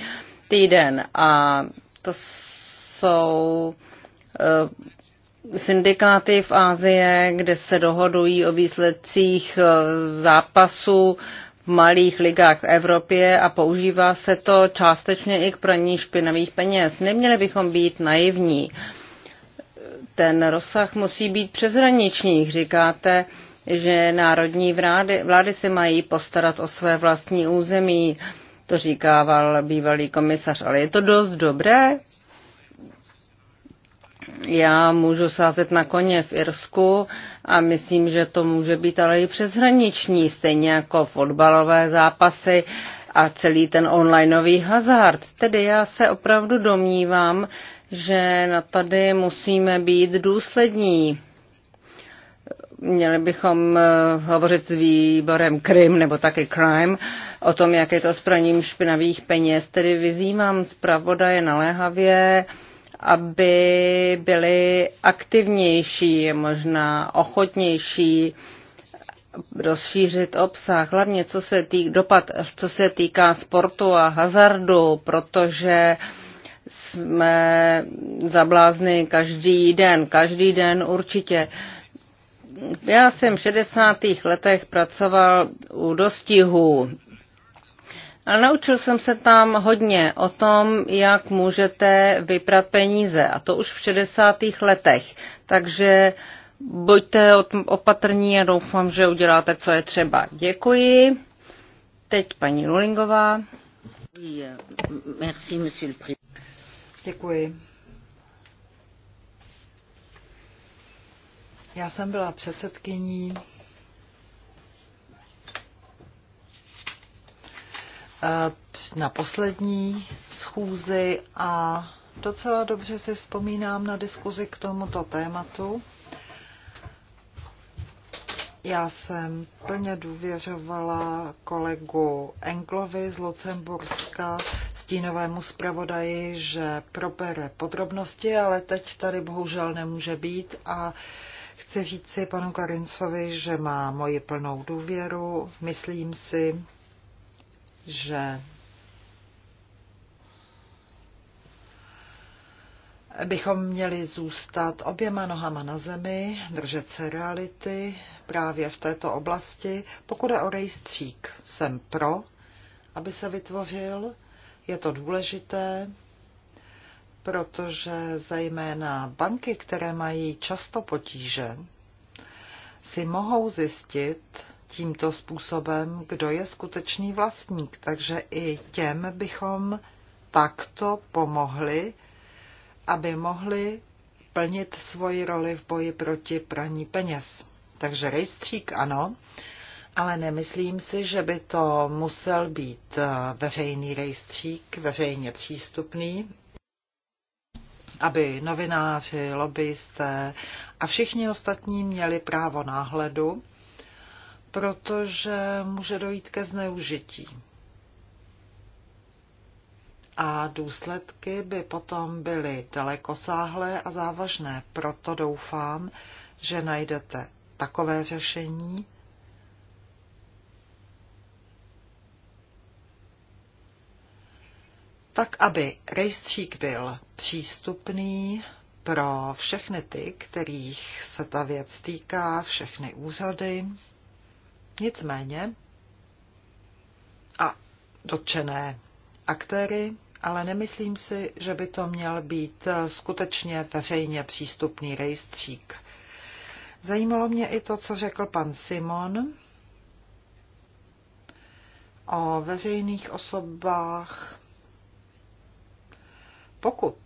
týden a to jsou eh, syndikáty v Ázie, kde se dohodují o výsledcích eh, zápasu malých ligách v Evropě a používá se to částečně i k praní špinavých peněz. Neměli bychom být naivní. Ten rozsah musí být přeshraniční. Říkáte, že národní vlády, vlády si mají postarat o své vlastní území. To říkával bývalý komisař, ale je to dost dobré? já můžu sázet na koně v Irsku a myslím, že to může být ale i přeshraniční, stejně jako fotbalové zápasy a celý ten onlineový hazard. Tedy já se opravdu domnívám, že na tady musíme být důslední. Měli bychom eh, hovořit s výborem Krim nebo taky Crime o tom, jak je to s praním špinavých peněz. Tedy vyzývám zpravodaje naléhavě, aby byli aktivnější, možná ochotnější rozšířit obsah, hlavně co se týk dopad, co se týká sportu a hazardu, protože jsme zablázni každý den, každý den určitě. Já jsem v 60. letech pracoval u dostihů a naučil jsem se tam hodně o tom, jak můžete vyprat peníze, a to už v 60. letech. Takže buďte opatrní a doufám, že uděláte, co je třeba. Děkuji. Teď paní Rulingová. Děkuji. Já jsem byla předsedkyní Eh, na poslední schůzi a docela dobře si vzpomínám na diskuzi k tomuto tématu. Já jsem plně důvěřovala kolegu Englovi z Lucemburska, stínovému zpravodaji, že probere podrobnosti, ale teď tady bohužel nemůže být a chci říci panu Karincovi, že má moji plnou důvěru. Myslím si, že bychom měli zůstat oběma nohama na zemi, držet se reality právě v této oblasti. Pokud je o rejstřík, jsem pro, aby se vytvořil. Je to důležité, protože zejména banky, které mají často potíže, si mohou zjistit, tímto způsobem, kdo je skutečný vlastník. Takže i těm bychom takto pomohli, aby mohli plnit svoji roli v boji proti praní peněz. Takže rejstřík ano, ale nemyslím si, že by to musel být eh, veřejný rejstřík, veřejně přístupný, aby novináři, lobbyisté a všichni ostatní měli právo náhledu protože může dojít ke zneužití. A důsledky by potom byly dalekosáhlé a závažné. Proto doufám, že najdete takové řešení, tak aby rejstřík byl přístupný pro všechny ty, kterých se ta věc týká, všechny úřady, Nicméně a dotčené aktéry, ale nemyslím si, že by to měl být eh, skutečně veřejně přístupný rejstřík. Zajímalo mě i to, co řekl pan Simon o veřejných osobách. Pokud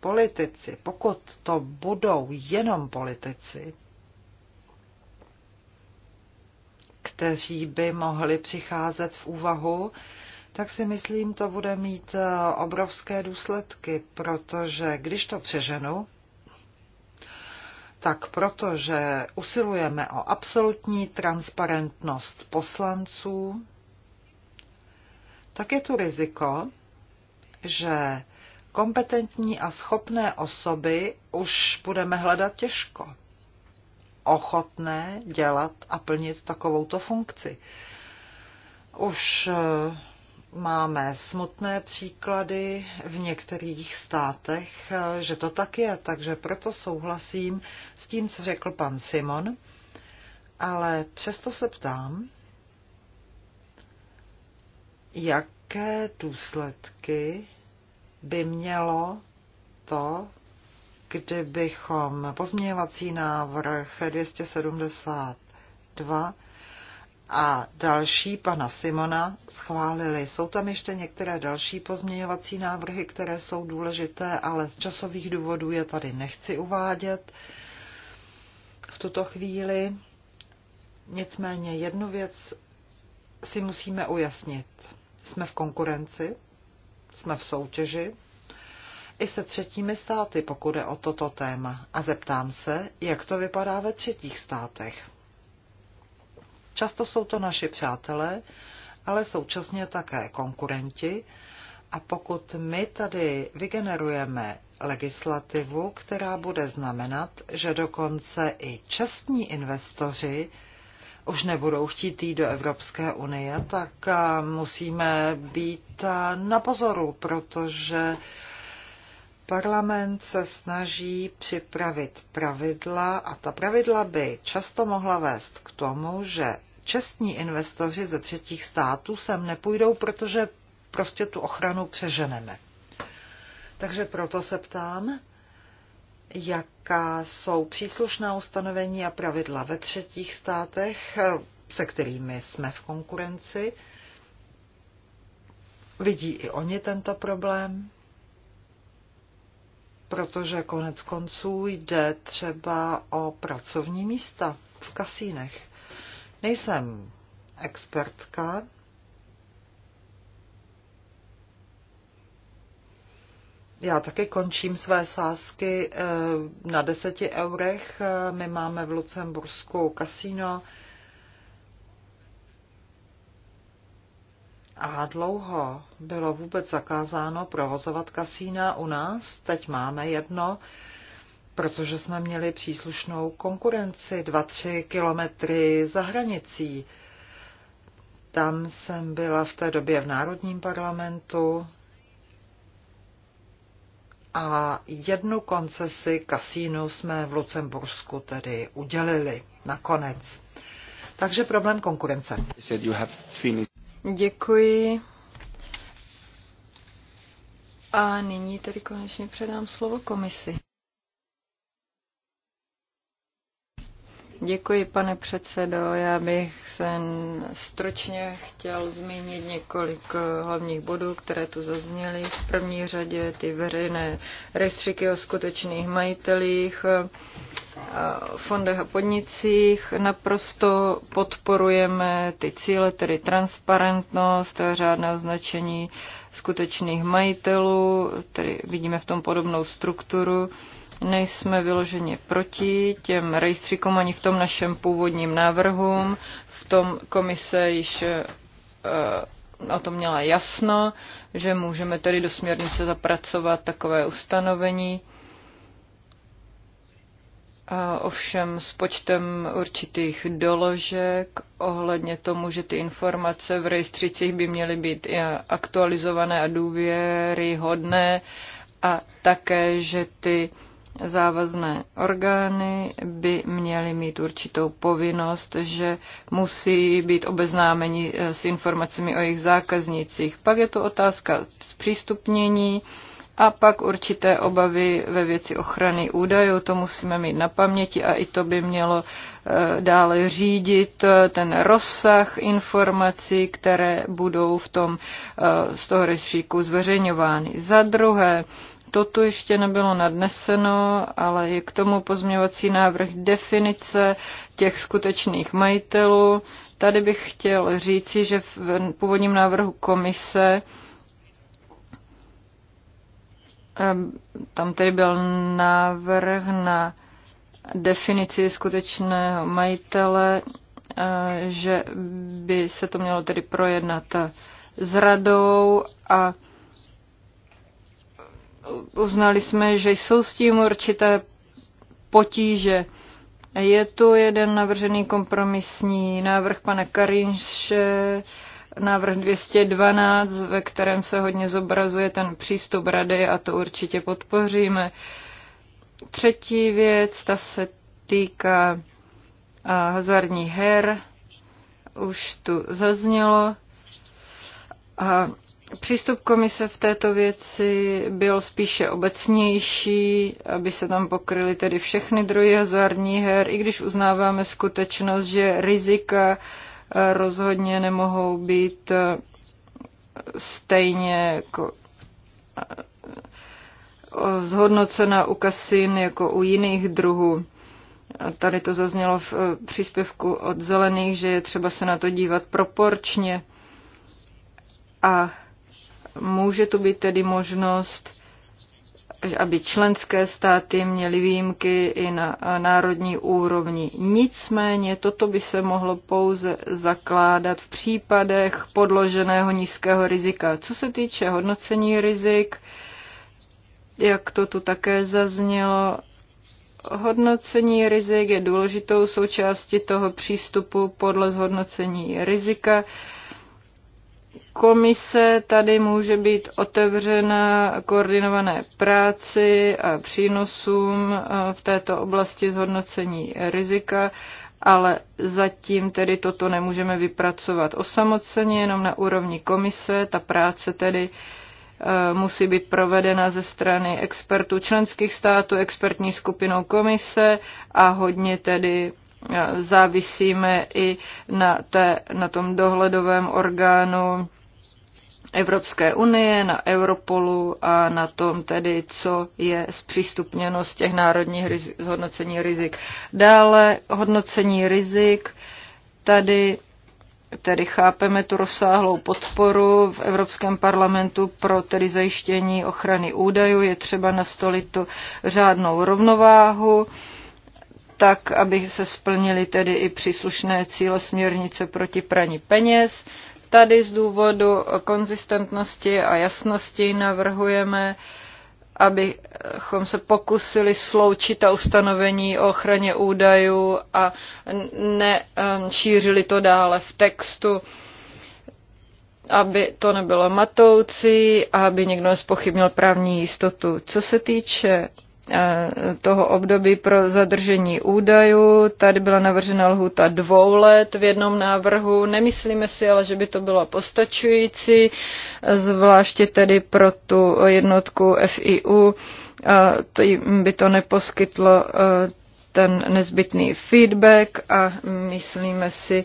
politici, pokud to budou jenom politici, kteří by mohli přicházet v úvahu, tak si myslím, to bude mít eh, obrovské důsledky, protože když to přeženu, tak protože usilujeme o absolutní transparentnost poslanců, tak je tu riziko, že kompetentní a schopné osoby už budeme hledat těžko ochotné dělat a plnit takovouto funkci. Už eh, máme smutné příklady v některých státech, eh, že to tak je, takže proto souhlasím s tím, co řekl pan Simon, ale přesto se ptám, jaké důsledky by mělo to, kdybychom pozměňovací návrh 272 a další pana Simona schválili. Jsou tam ještě některé další pozměňovací návrhy, které jsou důležité, ale z časových důvodů je tady nechci uvádět v tuto chvíli. Nicméně jednu věc si musíme ujasnit. Jsme v konkurenci, jsme v soutěži, i se třetími státy, pokud je o toto téma. A zeptám se, jak to vypadá ve třetích státech. Často jsou to naši přátelé, ale současně také konkurenti. A pokud my tady vygenerujeme legislativu, která bude znamenat, že dokonce i čestní investoři už nebudou chtít jít do Evropské unie, tak eh, musíme být eh, na pozoru, protože Parlament se snaží připravit pravidla a ta pravidla by často mohla vést k tomu, že čestní investoři ze třetích států sem nepůjdou, protože prostě tu ochranu přeženeme. Takže proto se ptám, jaká jsou příslušná ustanovení a pravidla ve třetích státech, se kterými jsme v konkurenci. Vidí i oni tento problém? protože konec konců jde třeba o pracovní místa v kasínech. Nejsem expertka, Já taky končím své sázky eh, na deseti eurech. Eh, my máme v Lucembursku kasíno, a dlouho bylo vůbec zakázáno provozovat kasína u nás. Teď máme jedno, protože jsme měli příslušnou konkurenci 2-3 kilometry za hranicí. Tam jsem byla v té době v Národním parlamentu a jednu koncesi kasínu jsme v Lucembursku tedy udělili nakonec. Takže problém konkurence. Děkuji. A nyní tedy konečně předám slovo komisi. Děkuji, pane předsedo. Já bych se stročně chtěl zmínit několik eh, hlavních bodů, které tu zazněly. V první řadě ty veřejné rejstříky o skutečných majitelích, eh, fondech a podnicích. Naprosto podporujeme ty cíle, tedy transparentnost, řádné označení skutečných majitelů, tedy vidíme v tom podobnou strukturu Nejsme vyloženě proti těm rejstříkům ani v tom našem původním návrhu. V tom komise již eh, o tom měla jasno, že můžeme tedy do směrnice zapracovat takové ustanovení, a ovšem s počtem určitých doložek ohledně tomu, že ty informace v rejstřících by měly být aktualizované a důvěryhodné a také, že ty závazné orgány by měly mít určitou povinnost, že musí být obeznámeni eh, s informacemi o jejich zákaznicích. Pak je to otázka zpřístupnění a pak určité obavy ve věci ochrany údajů, to musíme mít na paměti a i to by mělo eh, dále řídit eh, ten rozsah informací, které budou v tom, z toho rejstříku zveřejňovány. Za druhé, Toto ještě nebylo nadneseno, ale je k tomu pozměvací návrh definice těch skutečných majitelů. Tady bych chtěl říci, že v původním návrhu komise ehm, tam tedy byl návrh na definici skutečného majitele, ehm, že by se to mělo tedy projednat s radou a uznali jsme, že jsou s tím určité potíže. Je tu jeden navržený kompromisní návrh pana Karinše, návrh 212, ve kterém se hodně zobrazuje ten přístup rady a to určitě podpoříme. Třetí věc, ta se týká hazardních her, už tu zaznělo. A Přístup komise v této věci byl spíše obecnější, aby se tam pokryly tedy všechny druhy hazardní her, i když uznáváme skutečnost, že rizika eh, rozhodně nemohou být eh, stejně jako eh, zhodnocena u kasin jako u jiných druhů. Tady to zaznělo v příspěvku od zelených, že je třeba se na to dívat proporčně. A Může tu být tedy možnost, aby členské státy měly výjimky i na národní úrovni. Nicméně toto by se mohlo pouze zakládat v případech podloženého nízkého rizika. Co se týče hodnocení rizik, jak to tu také zaznělo, hodnocení rizik je důležitou součástí toho přístupu podle zhodnocení rizika. Komise tady může být otevřena koordinované práci a přínosům eh, v této oblasti zhodnocení rizika, ale zatím tedy toto nemůžeme vypracovat osamoceně, jenom na úrovni komise. Ta práce tedy eh, musí být provedena ze strany expertů členských států, expertní skupinou komise a hodně tedy závisíme i na, té, na tom dohledovém orgánu Evropské unie, na Europolu a na tom tedy, co je zpřístupněno z těch národních rizik, hodnocení rizik. Dále hodnocení rizik. Tady tedy chápeme tu rozsáhlou podporu v Evropském parlamentu pro tedy zajištění ochrany údajů. Je třeba nastolit tu řádnou rovnováhu tak, aby se splnili tedy i příslušné cíle směrnice proti praní peněz. Tady z důvodu konzistentnosti a jasnosti navrhujeme, abychom se pokusili sloučit ta ustanovení o ochraně údajů a nešířili to dále v textu aby to nebylo matoucí a aby někdo nespochybnil právní jistotu. Co se týče Eh, toho období pro zadržení údajů. Tady byla navržena lhuta dvou let v jednom návrhu. Nemyslíme si ale, že by to bylo postačující, zvláště tedy pro tu jednotku FIU. To By to neposkytlo eh, ten nezbytný feedback a myslíme si,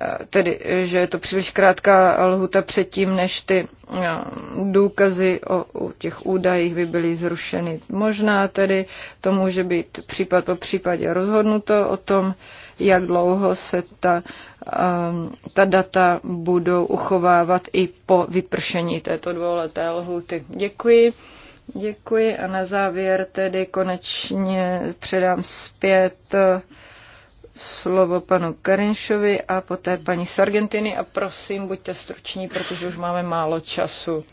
Eh, tedy, že je to příliš krátká lhuta předtím, než ty eh, důkazy o, o těch údajích by byly zrušeny. Možná tedy to může být případ po případě rozhodnuto o tom, jak dlouho se ta, eh, ta data budou uchovávat i po vypršení této dvouleté lhuty. Děkuji. Děkuji a na závěr tedy konečně předám zpět slovo panu Karinšovi a poté paní Sargentiny a prosím, buďte struční, protože už máme málo času.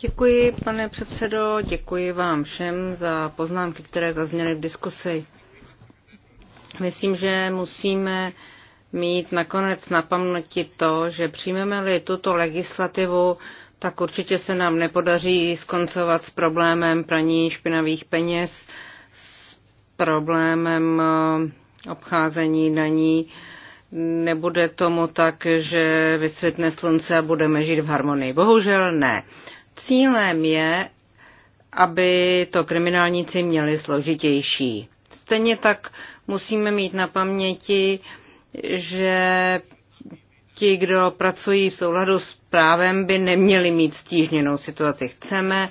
Děkuji, pane předsedo, děkuji vám všem za poznámky, které zazněly v diskusi. Myslím, že musíme mít nakonec na paměti to, že přijmeme-li tuto legislativu, tak určitě se nám nepodaří skoncovat s problémem praní špinavých peněz, s problémem eh, obcházení daní. Nebude tomu tak, že vysvětne slunce a budeme žít v harmonii. Bohužel ne. Cílem je, aby to kriminálníci měli složitější. Stejně tak musíme mít na paměti, že ti, kdo pracují v souladu s právem, by neměli mít stížněnou situaci. Chceme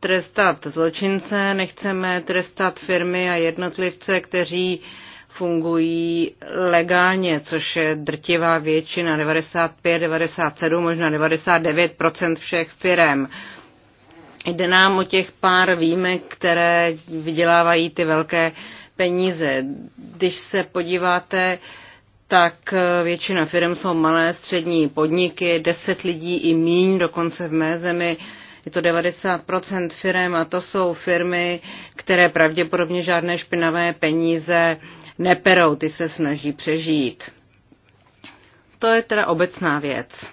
trestat zločince, nechceme trestat firmy a jednotlivce, kteří fungují legálně, což je drtivá většina, 95, 97, možná 99 všech firm. Jde nám o těch pár výjimek, které vydělávají ty velké peníze. Když se podíváte, tak většina firm jsou malé, střední podniky, 10 lidí i míň, dokonce v mé zemi je to 90% firm a to jsou firmy, které pravděpodobně žádné špinavé peníze neperou, ty se snaží přežít. To je teda obecná věc.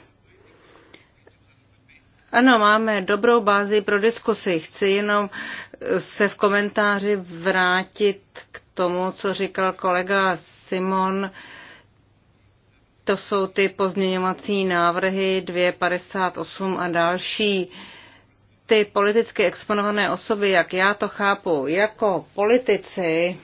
Ano, máme dobrou bázi pro diskusy. Chci jenom se v komentáři vrátit k tomu, co říkal kolega Simon. To jsou ty pozměňovací návrhy 258 a další. Ty politicky exponované osoby, jak já to chápu, jako politici,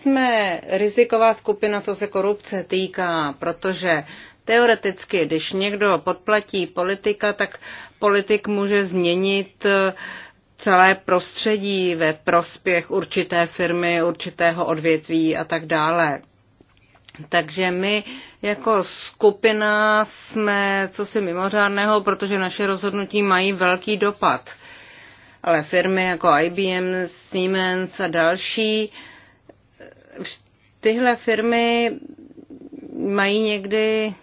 jsme riziková skupina, co se korupce týká, protože teoreticky, když někdo podplatí politika, tak politik může změnit eh, celé prostředí ve prospěch určité firmy, určitého odvětví a tak dále. Takže my jako skupina jsme co si mimořádného, protože naše rozhodnutí mají velký dopad. Ale firmy jako IBM, Siemens a další uh, tyhle firmy mají někdy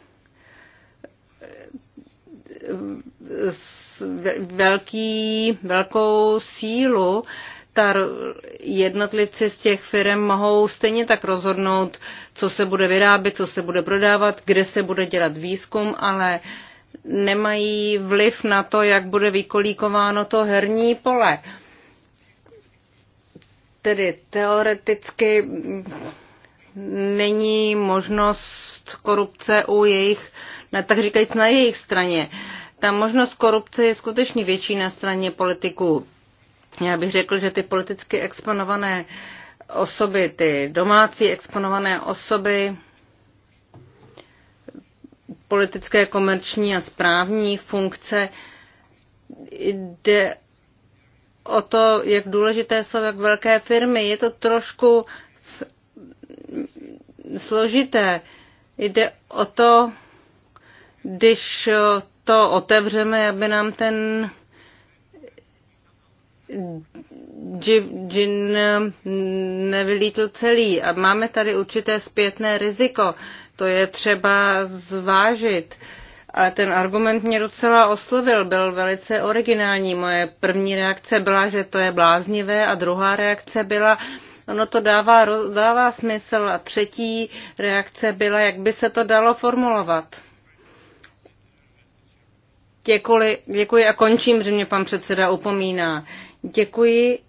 eh, velký, velkou sílu, ta jednotlivci z těch firm mohou stejně tak rozhodnout, co se bude vyrábět, co se bude prodávat, kde se bude dělat výzkum, ale nemají vliv na to, jak bude vykolíkováno to herní pole. Uh, tedy teoreticky není možnost korupce u jejich, ne tak říkajíc na jejich straně. Ta možnost korupce je skutečně větší na straně politiků. Já bych řekl, že ty politicky exponované osoby, ty domácí exponované osoby, politické, komerční a správní funkce, jde o to, jak důležité jsou jak velké firmy. Je to trošku složité. Jde o to, když to otevřeme, aby nám ten džin mm, nevylítl celý. A máme tady určité zpětné riziko. To je třeba zvážit. Uh, ale ten argument mě docela oslovil, byl velice originální. Moje první reakce byla, že to je bláznivé a druhá reakce byla, ono to dává, dává smysl a třetí reakce byla, jak by se to dalo formulovat. Děkuji, děkuji a končím, že mě pan předseda upomíná. Děkuji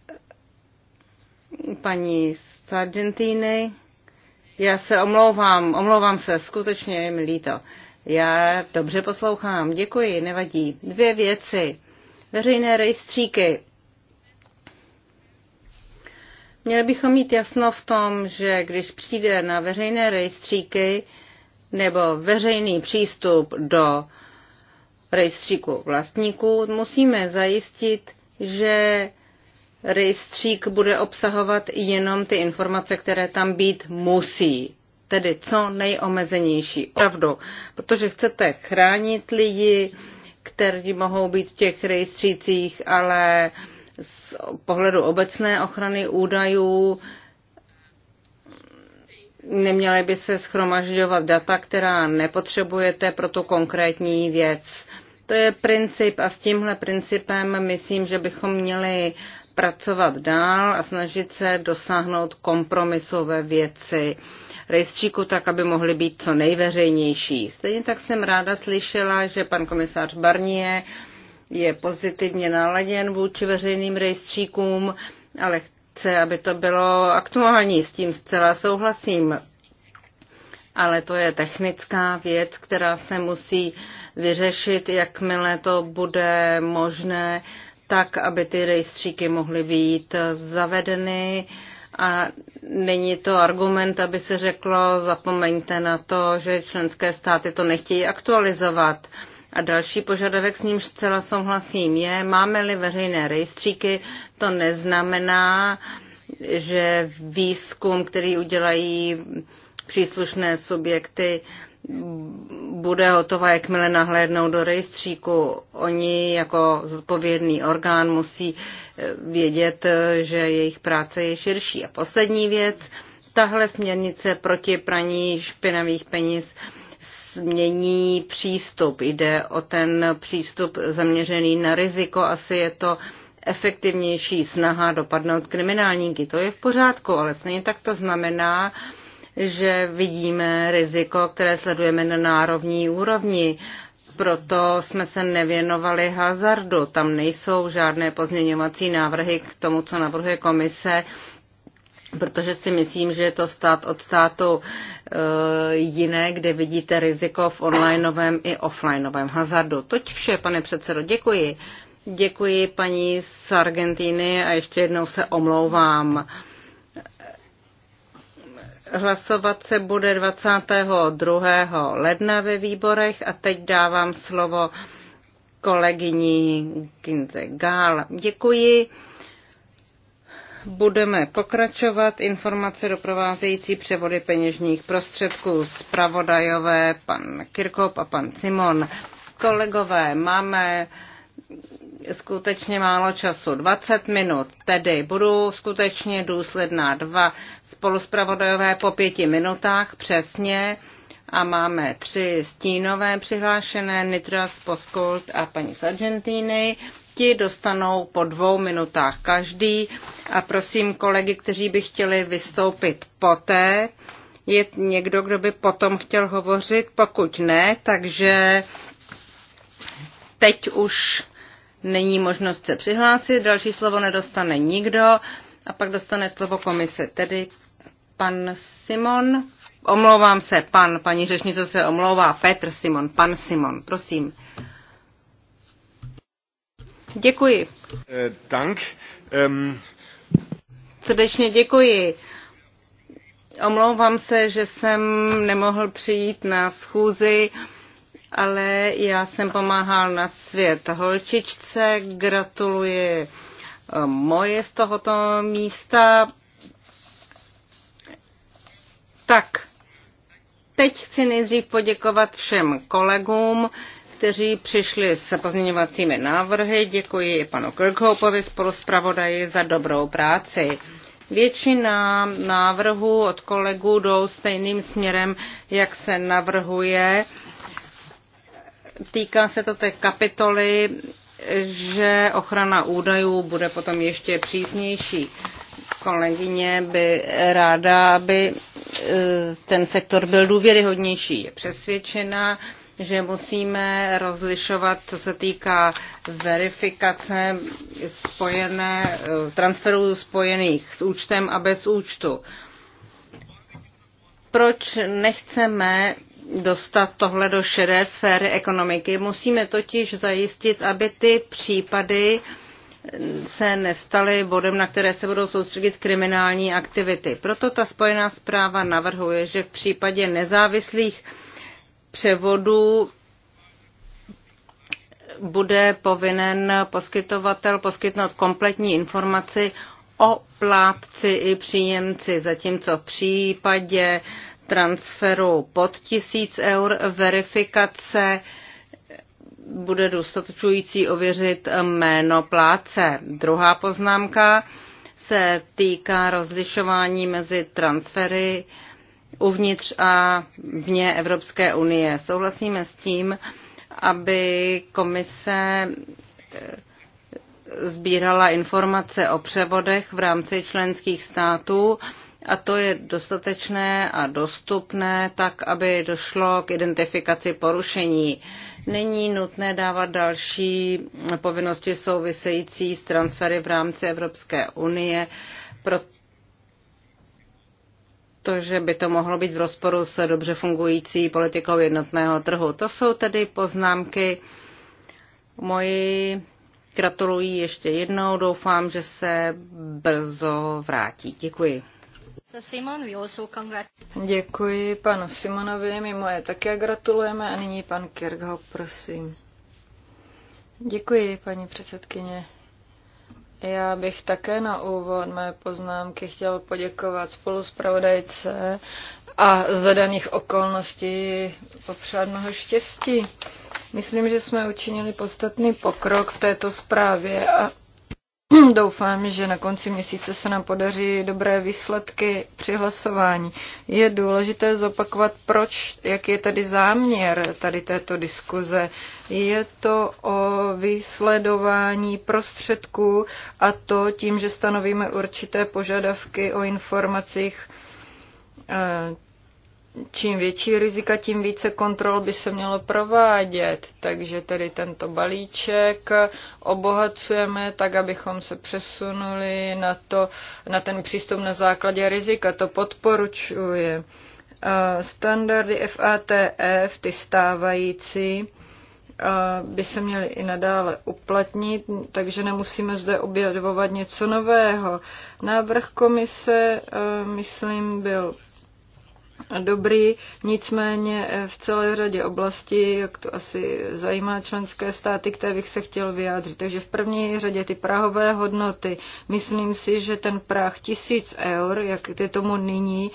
paní z Argentíny. Já se omlouvám, omlouvám se, skutečně je mi líto. Já dobře poslouchám, děkuji, nevadí. Dvě věci. Veřejné rejstříky. Měli bychom mít jasno v tom, že když přijde na veřejné rejstříky nebo veřejný přístup do rejstříku vlastníků, musíme zajistit, že rejstřík bude obsahovat jenom ty informace, které tam být musí tedy co nejomezenější, opravdu, protože chcete chránit lidi, kteří mohou být v těch rejstřících, ale z pohledu obecné ochrany údajů neměly by se schromažďovat data, která nepotřebujete pro tu konkrétní věc. To je princip a s tímhle principem myslím, že bychom měli pracovat dál a snažit se dosáhnout kompromisu ve věci rejstříku, tak aby mohly být co nejveřejnější. Stejně tak jsem ráda slyšela, že pan komisář Barnier je pozitivně naladěn vůči veřejným rejstříkům, ale chce, aby to bylo aktuální, s tím zcela souhlasím. Ale to je technická věc, která se musí vyřešit, jakmile to bude možné, tak, aby ty rejstříky mohly být zavedeny. Uh, a není to argument, aby se řeklo, zapomeňte na to, že členské státy to nechtějí aktualizovat. A další požadavek, s nímž zcela souhlasím, je, máme-li veřejné rejstříky, to neznamená, že výzkum, který udělají příslušné subjekty, bude hotová, jakmile nahlédnou do rejstříku. Oni jako zodpovědný orgán musí eh, vědět, eh, že jejich práce je širší. A poslední věc, tahle směrnice proti praní špinavých peněz změní přístup. Jde o ten přístup zaměřený na riziko. Asi je to efektivnější snaha dopadnout kriminálníky. To je v pořádku, ale stejně tak to znamená, že vidíme riziko, které sledujeme na národní úrovni. Proto jsme se nevěnovali hazardu. Tam nejsou žádné pozměňovací návrhy k tomu, co navrhuje komise, protože si myslím, že je to stát od státu e, jiné, kde vidíte riziko v onlineovém i offlineovém hazardu. Toť vše, pane předsedo, děkuji. Děkuji paní z Argentíny a ještě jednou se omlouvám. Hlasovat se bude 22. ledna ve výborech a teď dávám slovo kolegyni Kinze Gál. Děkuji. Budeme pokračovat. Informace doprovázející převody peněžních prostředků zpravodajové pan Kirkop a pan Simon. Kolegové, máme skutečně málo času. 20 minut, tedy budu skutečně důsledná. Dva spoluspravodajové po pěti minutách přesně a máme tři stínové přihlášené, Nitras, Poskult a paní Sargentiny, Ti dostanou po dvou minutách každý a prosím kolegy, kteří by chtěli vystoupit poté, je někdo, kdo by potom chtěl hovořit, pokud ne, takže teď už není možnost se přihlásit, další slovo nedostane nikdo a pak dostane slovo komise. Tedy pan Simon, omlouvám se, pan, paní řečnice se omlouvá, Petr Simon, pan Simon, prosím. Děkuji. Eh, dank. Um... Srdečně děkuji. Omlouvám se, že jsem nemohl přijít na schůzi. Uh, ale já jsem pomáhal na svět holčičce. Gratuluji eh, moje z tohoto místa. Tak, teď chci nejdřív poděkovat všem kolegům, kteří přišli s pozměňovacími návrhy. Děkuji i panu Kirkhopeovi spolu s pravodaji za dobrou práci. Většina návrhů od kolegů jdou stejným směrem, jak se navrhuje. Týká se to té kapitoly, že ochrana údajů bude potom ještě přísnější. Kolegyně by ráda, aby e, ten sektor byl důvěryhodnější. Je přesvědčena, že musíme rozlišovat, co se týká verifikace spojené, e, transferů spojených s účtem a bez účtu. Proč nechceme dostat tohle do šedé sféry ekonomiky. Musíme totiž zajistit, aby ty případy se nestaly bodem, na které se budou soustředit kriminální aktivity. Proto ta spojená zpráva navrhuje, že v případě nezávislých převodů bude povinen poskytovatel poskytnout kompletní informaci o plátci i příjemci, zatímco v případě transferu pod tisíc eur verifikace bude dostačující ověřit jméno pláce. Druhá poznámka se týká rozlišování mezi transfery uvnitř a vně Evropské unie. Souhlasíme s tím, aby komise eh, sbírala informace o převodech v rámci členských států a to je dostatečné a dostupné tak, aby došlo k identifikaci porušení. Není nutné dávat další povinnosti související s transfery v rámci Evropské unie, protože by to mohlo být v rozporu s dobře fungující politikou jednotného trhu. To jsou tedy poznámky moji. Gratuluji ještě jednou, doufám, že se brzo vrátí. Děkuji. Děkuji panu Simonovi, my moje také gratulujeme a nyní pan Kirchhoff, prosím. Děkuji, paní předsedkyně. Já bych také na úvod mé poznámky chtěl poděkovat spoluspravodajce a za daných okolností popřát mnoho štěstí. Myslím, že jsme učinili podstatný pokrok v této zprávě a Doufám, že na konci měsíce se nám podaří dobré výsledky při hlasování. Je důležité zopakovat, proč, jaký je tady záměr tady této diskuze. Je to o vysledování prostředků a to tím, že stanovíme určité požadavky o informacích eh, čím větší rizika, tím více kontrol by se mělo provádět. Takže tedy tento balíček obohacujeme tak, abychom se přesunuli na, to, na ten přístup na základě rizika. To podporučuje. Eh, standardy FATF, ty stávající, eh, by se měly i nadále uplatnit, takže nemusíme zde objevovat něco nového. Návrh komise, eh, myslím, byl dobrý, nicméně eh, v celé řadě oblastí, jak to asi zajímá členské státy, které bych se chtěl vyjádřit. Takže v první řadě ty prahové hodnoty. Myslím si, že ten prah tisíc eur, jak je tomu nyní,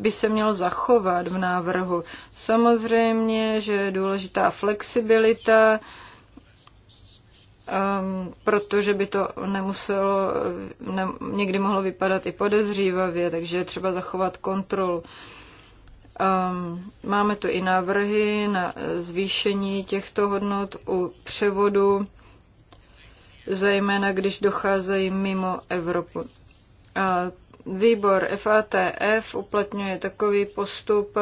by se měl zachovat v návrhu. Samozřejmě, že je důležitá flexibilita, um, protože by to nemuselo, ne, někdy mohlo vypadat i podezřívavě, takže je třeba zachovat kontrolu. Um, Ehm, máme tu i návrhy na zvýšení těchto hodnot u převodu, zejména když docházejí mimo Evropu. Výbor FATF uplatňuje takový postup,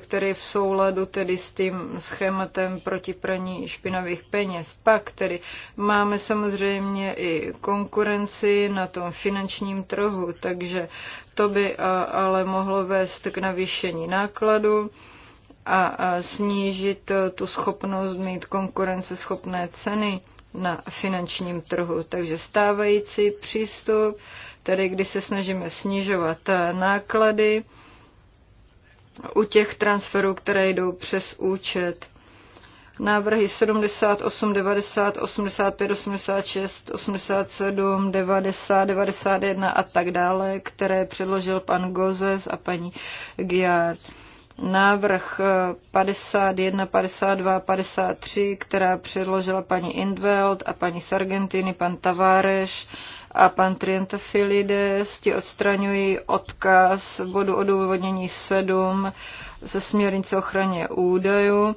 který je v souladu tedy s tím schématem proti praní špinavých peněz. Pak tedy máme samozřejmě i konkurenci na tom finančním trhu, takže to by ale mohlo vést k navýšení nákladu a snížit tu schopnost mít konkurenceschopné ceny na finančním trhu. Takže stávající přístup tedy kdy se snažíme snižovat eh, náklady u těch transferů, které jdou přes účet. Návrhy 78, 90, 85, 86, 87, 90, 91 a tak dále, které předložil pan Gozes a paní Giard návrh 51, 52, 53, která předložila paní Indveld a paní Sargentini, pan Taváreš a pan Trientafilides ti odstraňují odkaz bodu odůvodnění 7 ze směrnice ochraně údajů.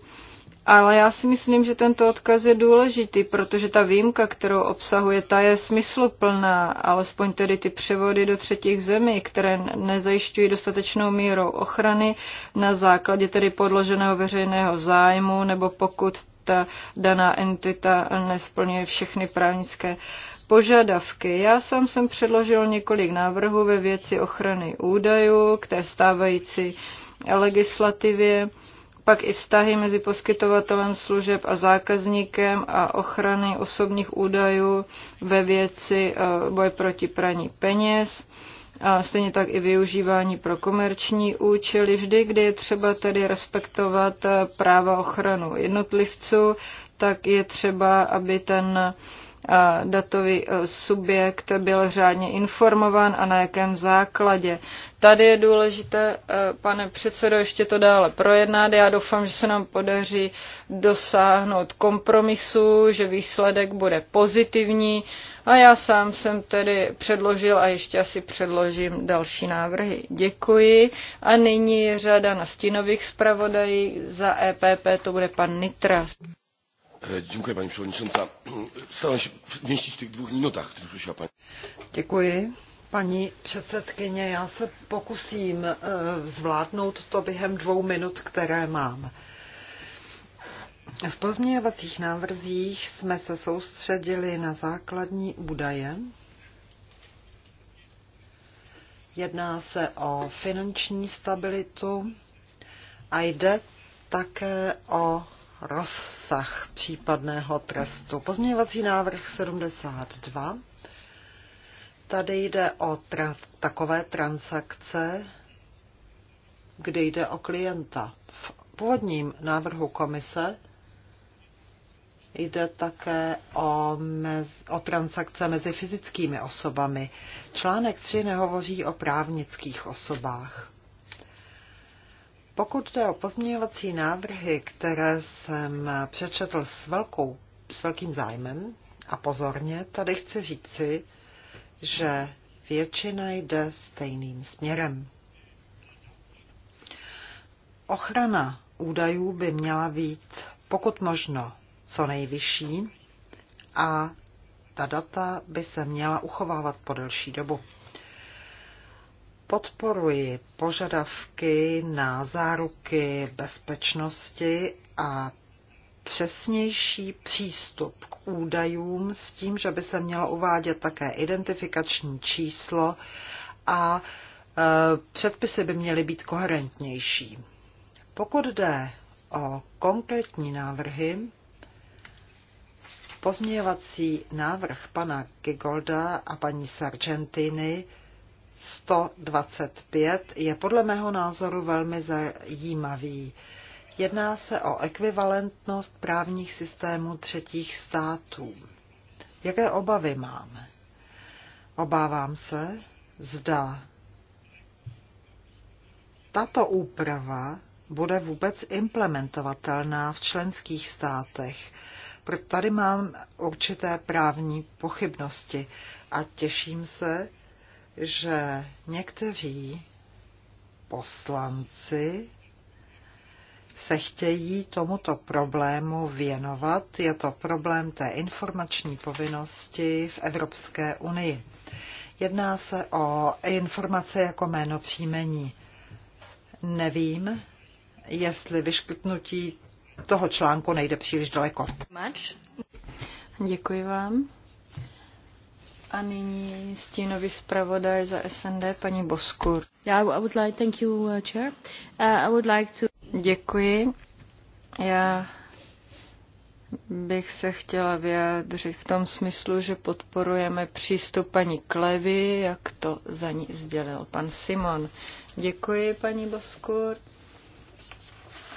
Ale já si myslím, že tento odkaz je důležitý, protože ta výjimka, kterou obsahuje, ta je smysluplná, alespoň tedy ty převody do třetích zemí, které nezajišťují dostatečnou mírou ochrany na základě tedy podloženého veřejného zájmu, nebo pokud ta daná entita nesplňuje všechny právnické požadavky. Já sám jsem předložil několik návrhů ve věci ochrany údajů k té stávající legislativě, pak i vztahy mezi poskytovatelem služeb a zákazníkem a ochrany osobních údajů ve věci eh, boje proti praní peněz. A stejně tak i využívání pro komerční účely, vždy, kdy je třeba tedy respektovat eh, práva ochranu jednotlivců, tak je třeba, aby ten datový e, subjekt byl řádně informován a na jakém základě. Tady je důležité, e, pane předsedo, ještě to dále projednat. Já doufám, že se nám podaří dosáhnout kompromisu, že výsledek bude pozitivní. A já sám jsem tedy předložil a ještě asi předložím další návrhy. Děkuji. A nyní je řada na stínových zpravodají. Za EPP to bude pan Nitras. E, Děkuji, paní předsedkyně. Staram se vměštit v těch dvou minutách, které slyšela paní. Děkuji. pani předsedkyně, já se pokusím e, zvládnout to během dvou minut, které mám. V pozměňovacích návrzích jsme se soustředili na základní údaje. Jedná se o finanční stabilitu a jde také o rozsah případného trestu. Pozměňovací návrh 72. Tady jde o tra- takové transakce, kde jde o klienta. V původním návrhu komise jde také o, mez, o transakce mezi fyzickými osobami. Článek 3 nehovoří o právnických osobách. Pokud jde o pozměňovací návrhy, které jsem přečetl s, velkou, s velkým zájmem a pozorně, tady chci říci, že většina jde stejným směrem. Ochrana údajů by měla být pokud možno co nejvyšší a ta data by se měla uchovávat po delší dobu podporuji požadavky na záruky bezpečnosti a přesnější přístup k údajům s tím, že by se mělo uvádět také identifikační číslo a e, předpisy by měly být koherentnější. Pokud jde o konkrétní návrhy, pozměňovací návrh pana Gigolda a paní Sargentiny 125 je podle mého názoru velmi zajímavý. Jedná se o ekvivalentnost právních systémů třetích států. Jaké obavy máme? Obávám se, zda tato úprava bude vůbec implementovatelná v členských státech. Proto tady mám určité právní pochybnosti a těším se, že někteří poslanci se chtějí tomuto problému věnovat. Je to problém té informační povinnosti v Evropské unii. Jedná se o informace jako jméno příjmení. Nevím, jestli vyškrtnutí toho článku nejde příliš daleko. Děkuji vám. A nyní stínový zpravodaj za SND, paní Boskur. I would like, thank you, uh, chair. Uh, I would like to... Děkuji. Já bych se chtěla vyjádřit v tom smyslu, že podporujeme přístup paní Klevy, jak to za ní sdělil pan Simon. Děkuji, paní Boskur.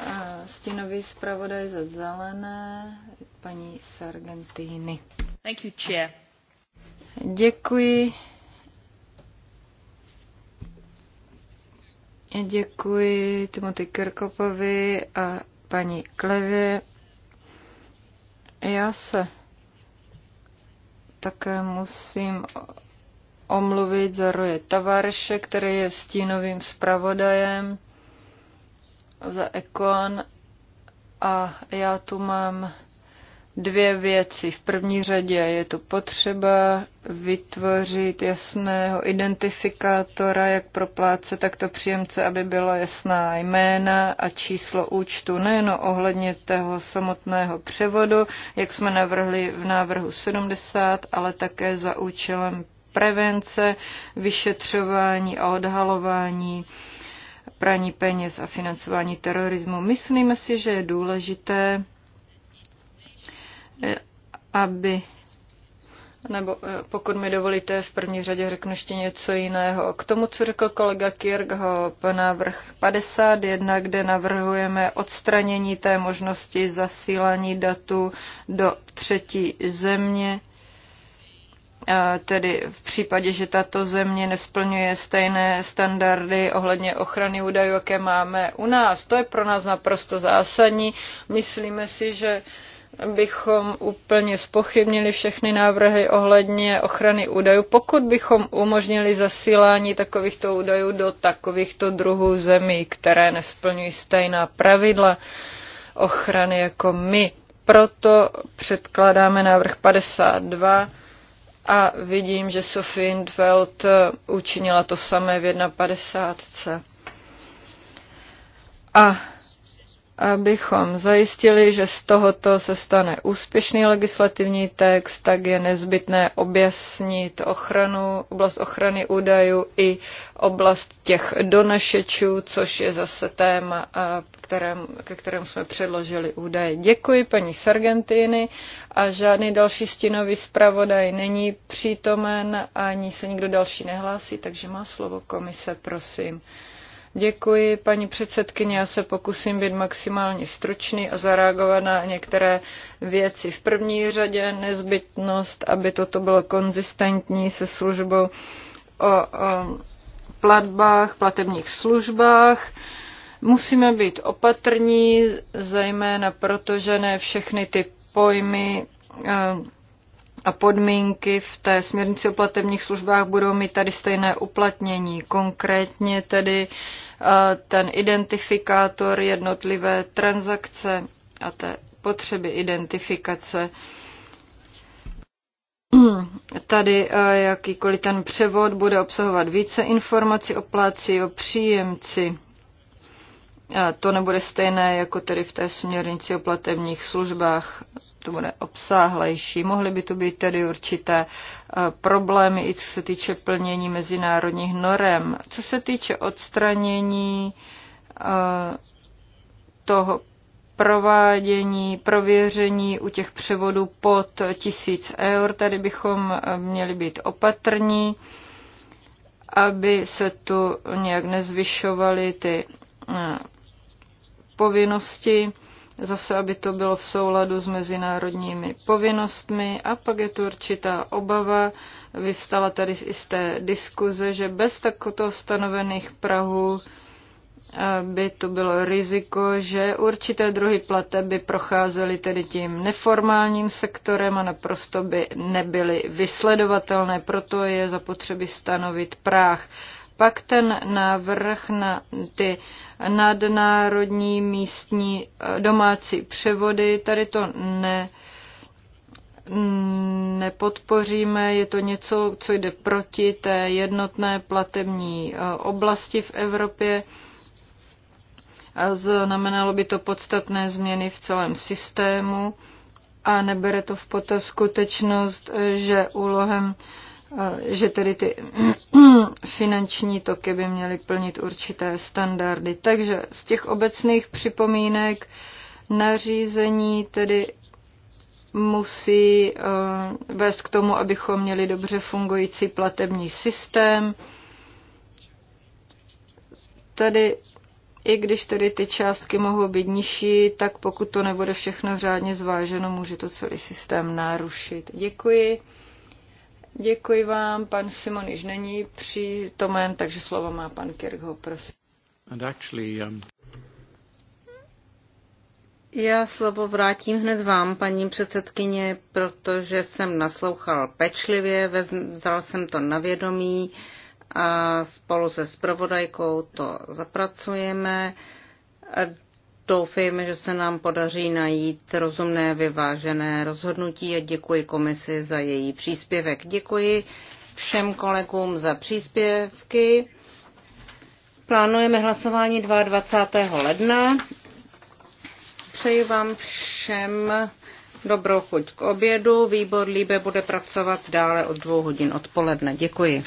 A stínový zpravodaj za zelené, paní Sargentini. Thank you, chair. Děkuji. Děkuji Timothy Kirkopovi a paní Klevě. Já se také musím omluvit za Roje Tavarše, který je stínovým zpravodajem za Ekon a já tu mám dvě věci. V první řadě je to potřeba vytvořit jasného identifikátora, jak pro pláce, tak to příjemce, aby byla jasná jména a číslo účtu, nejen ohledně toho samotného převodu, jak jsme navrhli v návrhu 70, ale také za účelem prevence, vyšetřování a odhalování praní peněz a financování terorismu. Myslíme si, že je důležité Eh, aby nebo eh, pokud mi dovolíte, v první řadě řeknu ještě něco jiného. K tomu, co řekl kolega Kirchhoff, návrh 51, kde navrhujeme odstranění té možnosti zasílání datu do třetí země, tedy v případě, že tato země nesplňuje stejné standardy ohledně ochrany údajů, jaké máme u nás. To je pro nás naprosto zásadní. Myslíme si, že bychom úplně spochybnili všechny návrhy ohledně ochrany údajů, pokud bychom umožnili zasílání takovýchto údajů do takovýchto druhů zemí, které nesplňují stejná pravidla ochrany jako my. Proto předkládáme návrh 52 a vidím, že Sophie Indveld učinila to samé v 51. A Abychom zajistili, že z tohoto se stane úspěšný legislativní text, tak je nezbytné objasnit ochranu, oblast ochrany údajů i oblast těch donašečů, což je zase téma, kterém, ke kterému jsme předložili údaje. Děkuji paní Sargentiny a žádný další stínový zpravodaj není přítomen, ani se nikdo další nehlásí, takže má slovo komise, prosím. Děkuji, paní předsedkyně. Já se pokusím být maximálně stručný a zareagovat na některé věci. V první řadě nezbytnost, aby toto bylo konzistentní se službou o, o platbách, platebních službách. Musíme být opatrní, zejména protože ne všechny ty pojmy eh, a podmínky v té směrnici o platebních službách budou mít tady stejné uplatnění. Konkrétně tedy eh, ten identifikátor jednotlivé transakce a té potřeby identifikace. Tady eh, jakýkoliv ten převod bude obsahovat více informací o pláci, o příjemci to nebude stejné jako tedy v té směrnici o platebních službách, to bude obsáhlejší. Mohly by to být tedy určité e, problémy, i co se týče plnění mezinárodních norem. Co se týče odstranění e, toho provádění, prověření u těch převodů pod tisíc eur, tady bychom e, měli být opatrní, aby se tu nějak nezvyšovaly ty povinnosti, zase aby to bylo v souladu s mezinárodními povinnostmi a pak je tu určitá obava, vyvstala tady i z té diskuze, že bez takto stanovených Prahů eh, by to bylo riziko, že určité druhy plateb by procházely tedy tím neformálním sektorem a naprosto by nebyly vysledovatelné. Proto je zapotřebí stanovit práh. Pak ten návrh na ty nadnárodní místní eh, domácí převody, tady to ne, mm, nepodpoříme, je to něco, co jde proti té jednotné platební eh, oblasti v Evropě a znamenalo by to podstatné změny v celém systému a nebere to v potaz skutečnost, eh, že úlohem že tedy ty finanční toky by měly plnit určité standardy. Takže z těch obecných připomínek nařízení tedy musí eh, vést k tomu, abychom měli dobře fungující platební systém. Tady i když tedy ty částky mohou být nižší, tak pokud to nebude všechno řádně zváženo, může to celý systém narušit. Děkuji. Děkuji vám. Pan Simon již není přítomen, takže slovo má pan Kirchhoff, prosím. And actually, um... Já slovo vrátím hned vám, paní předsedkyně, protože jsem naslouchal pečlivě, vzal jsem to na vědomí a spolu se spravodajkou to zapracujeme. Doufejme, že se nám podaří najít rozumné, vyvážené rozhodnutí a děkuji komisi za její příspěvek. Děkuji všem kolegům za příspěvky. Plánujeme hlasování 22. ledna. Přeji vám všem dobrou chuť k obědu. Výbor Líbe bude pracovat dále od dvou hodin odpoledne. Děkuji.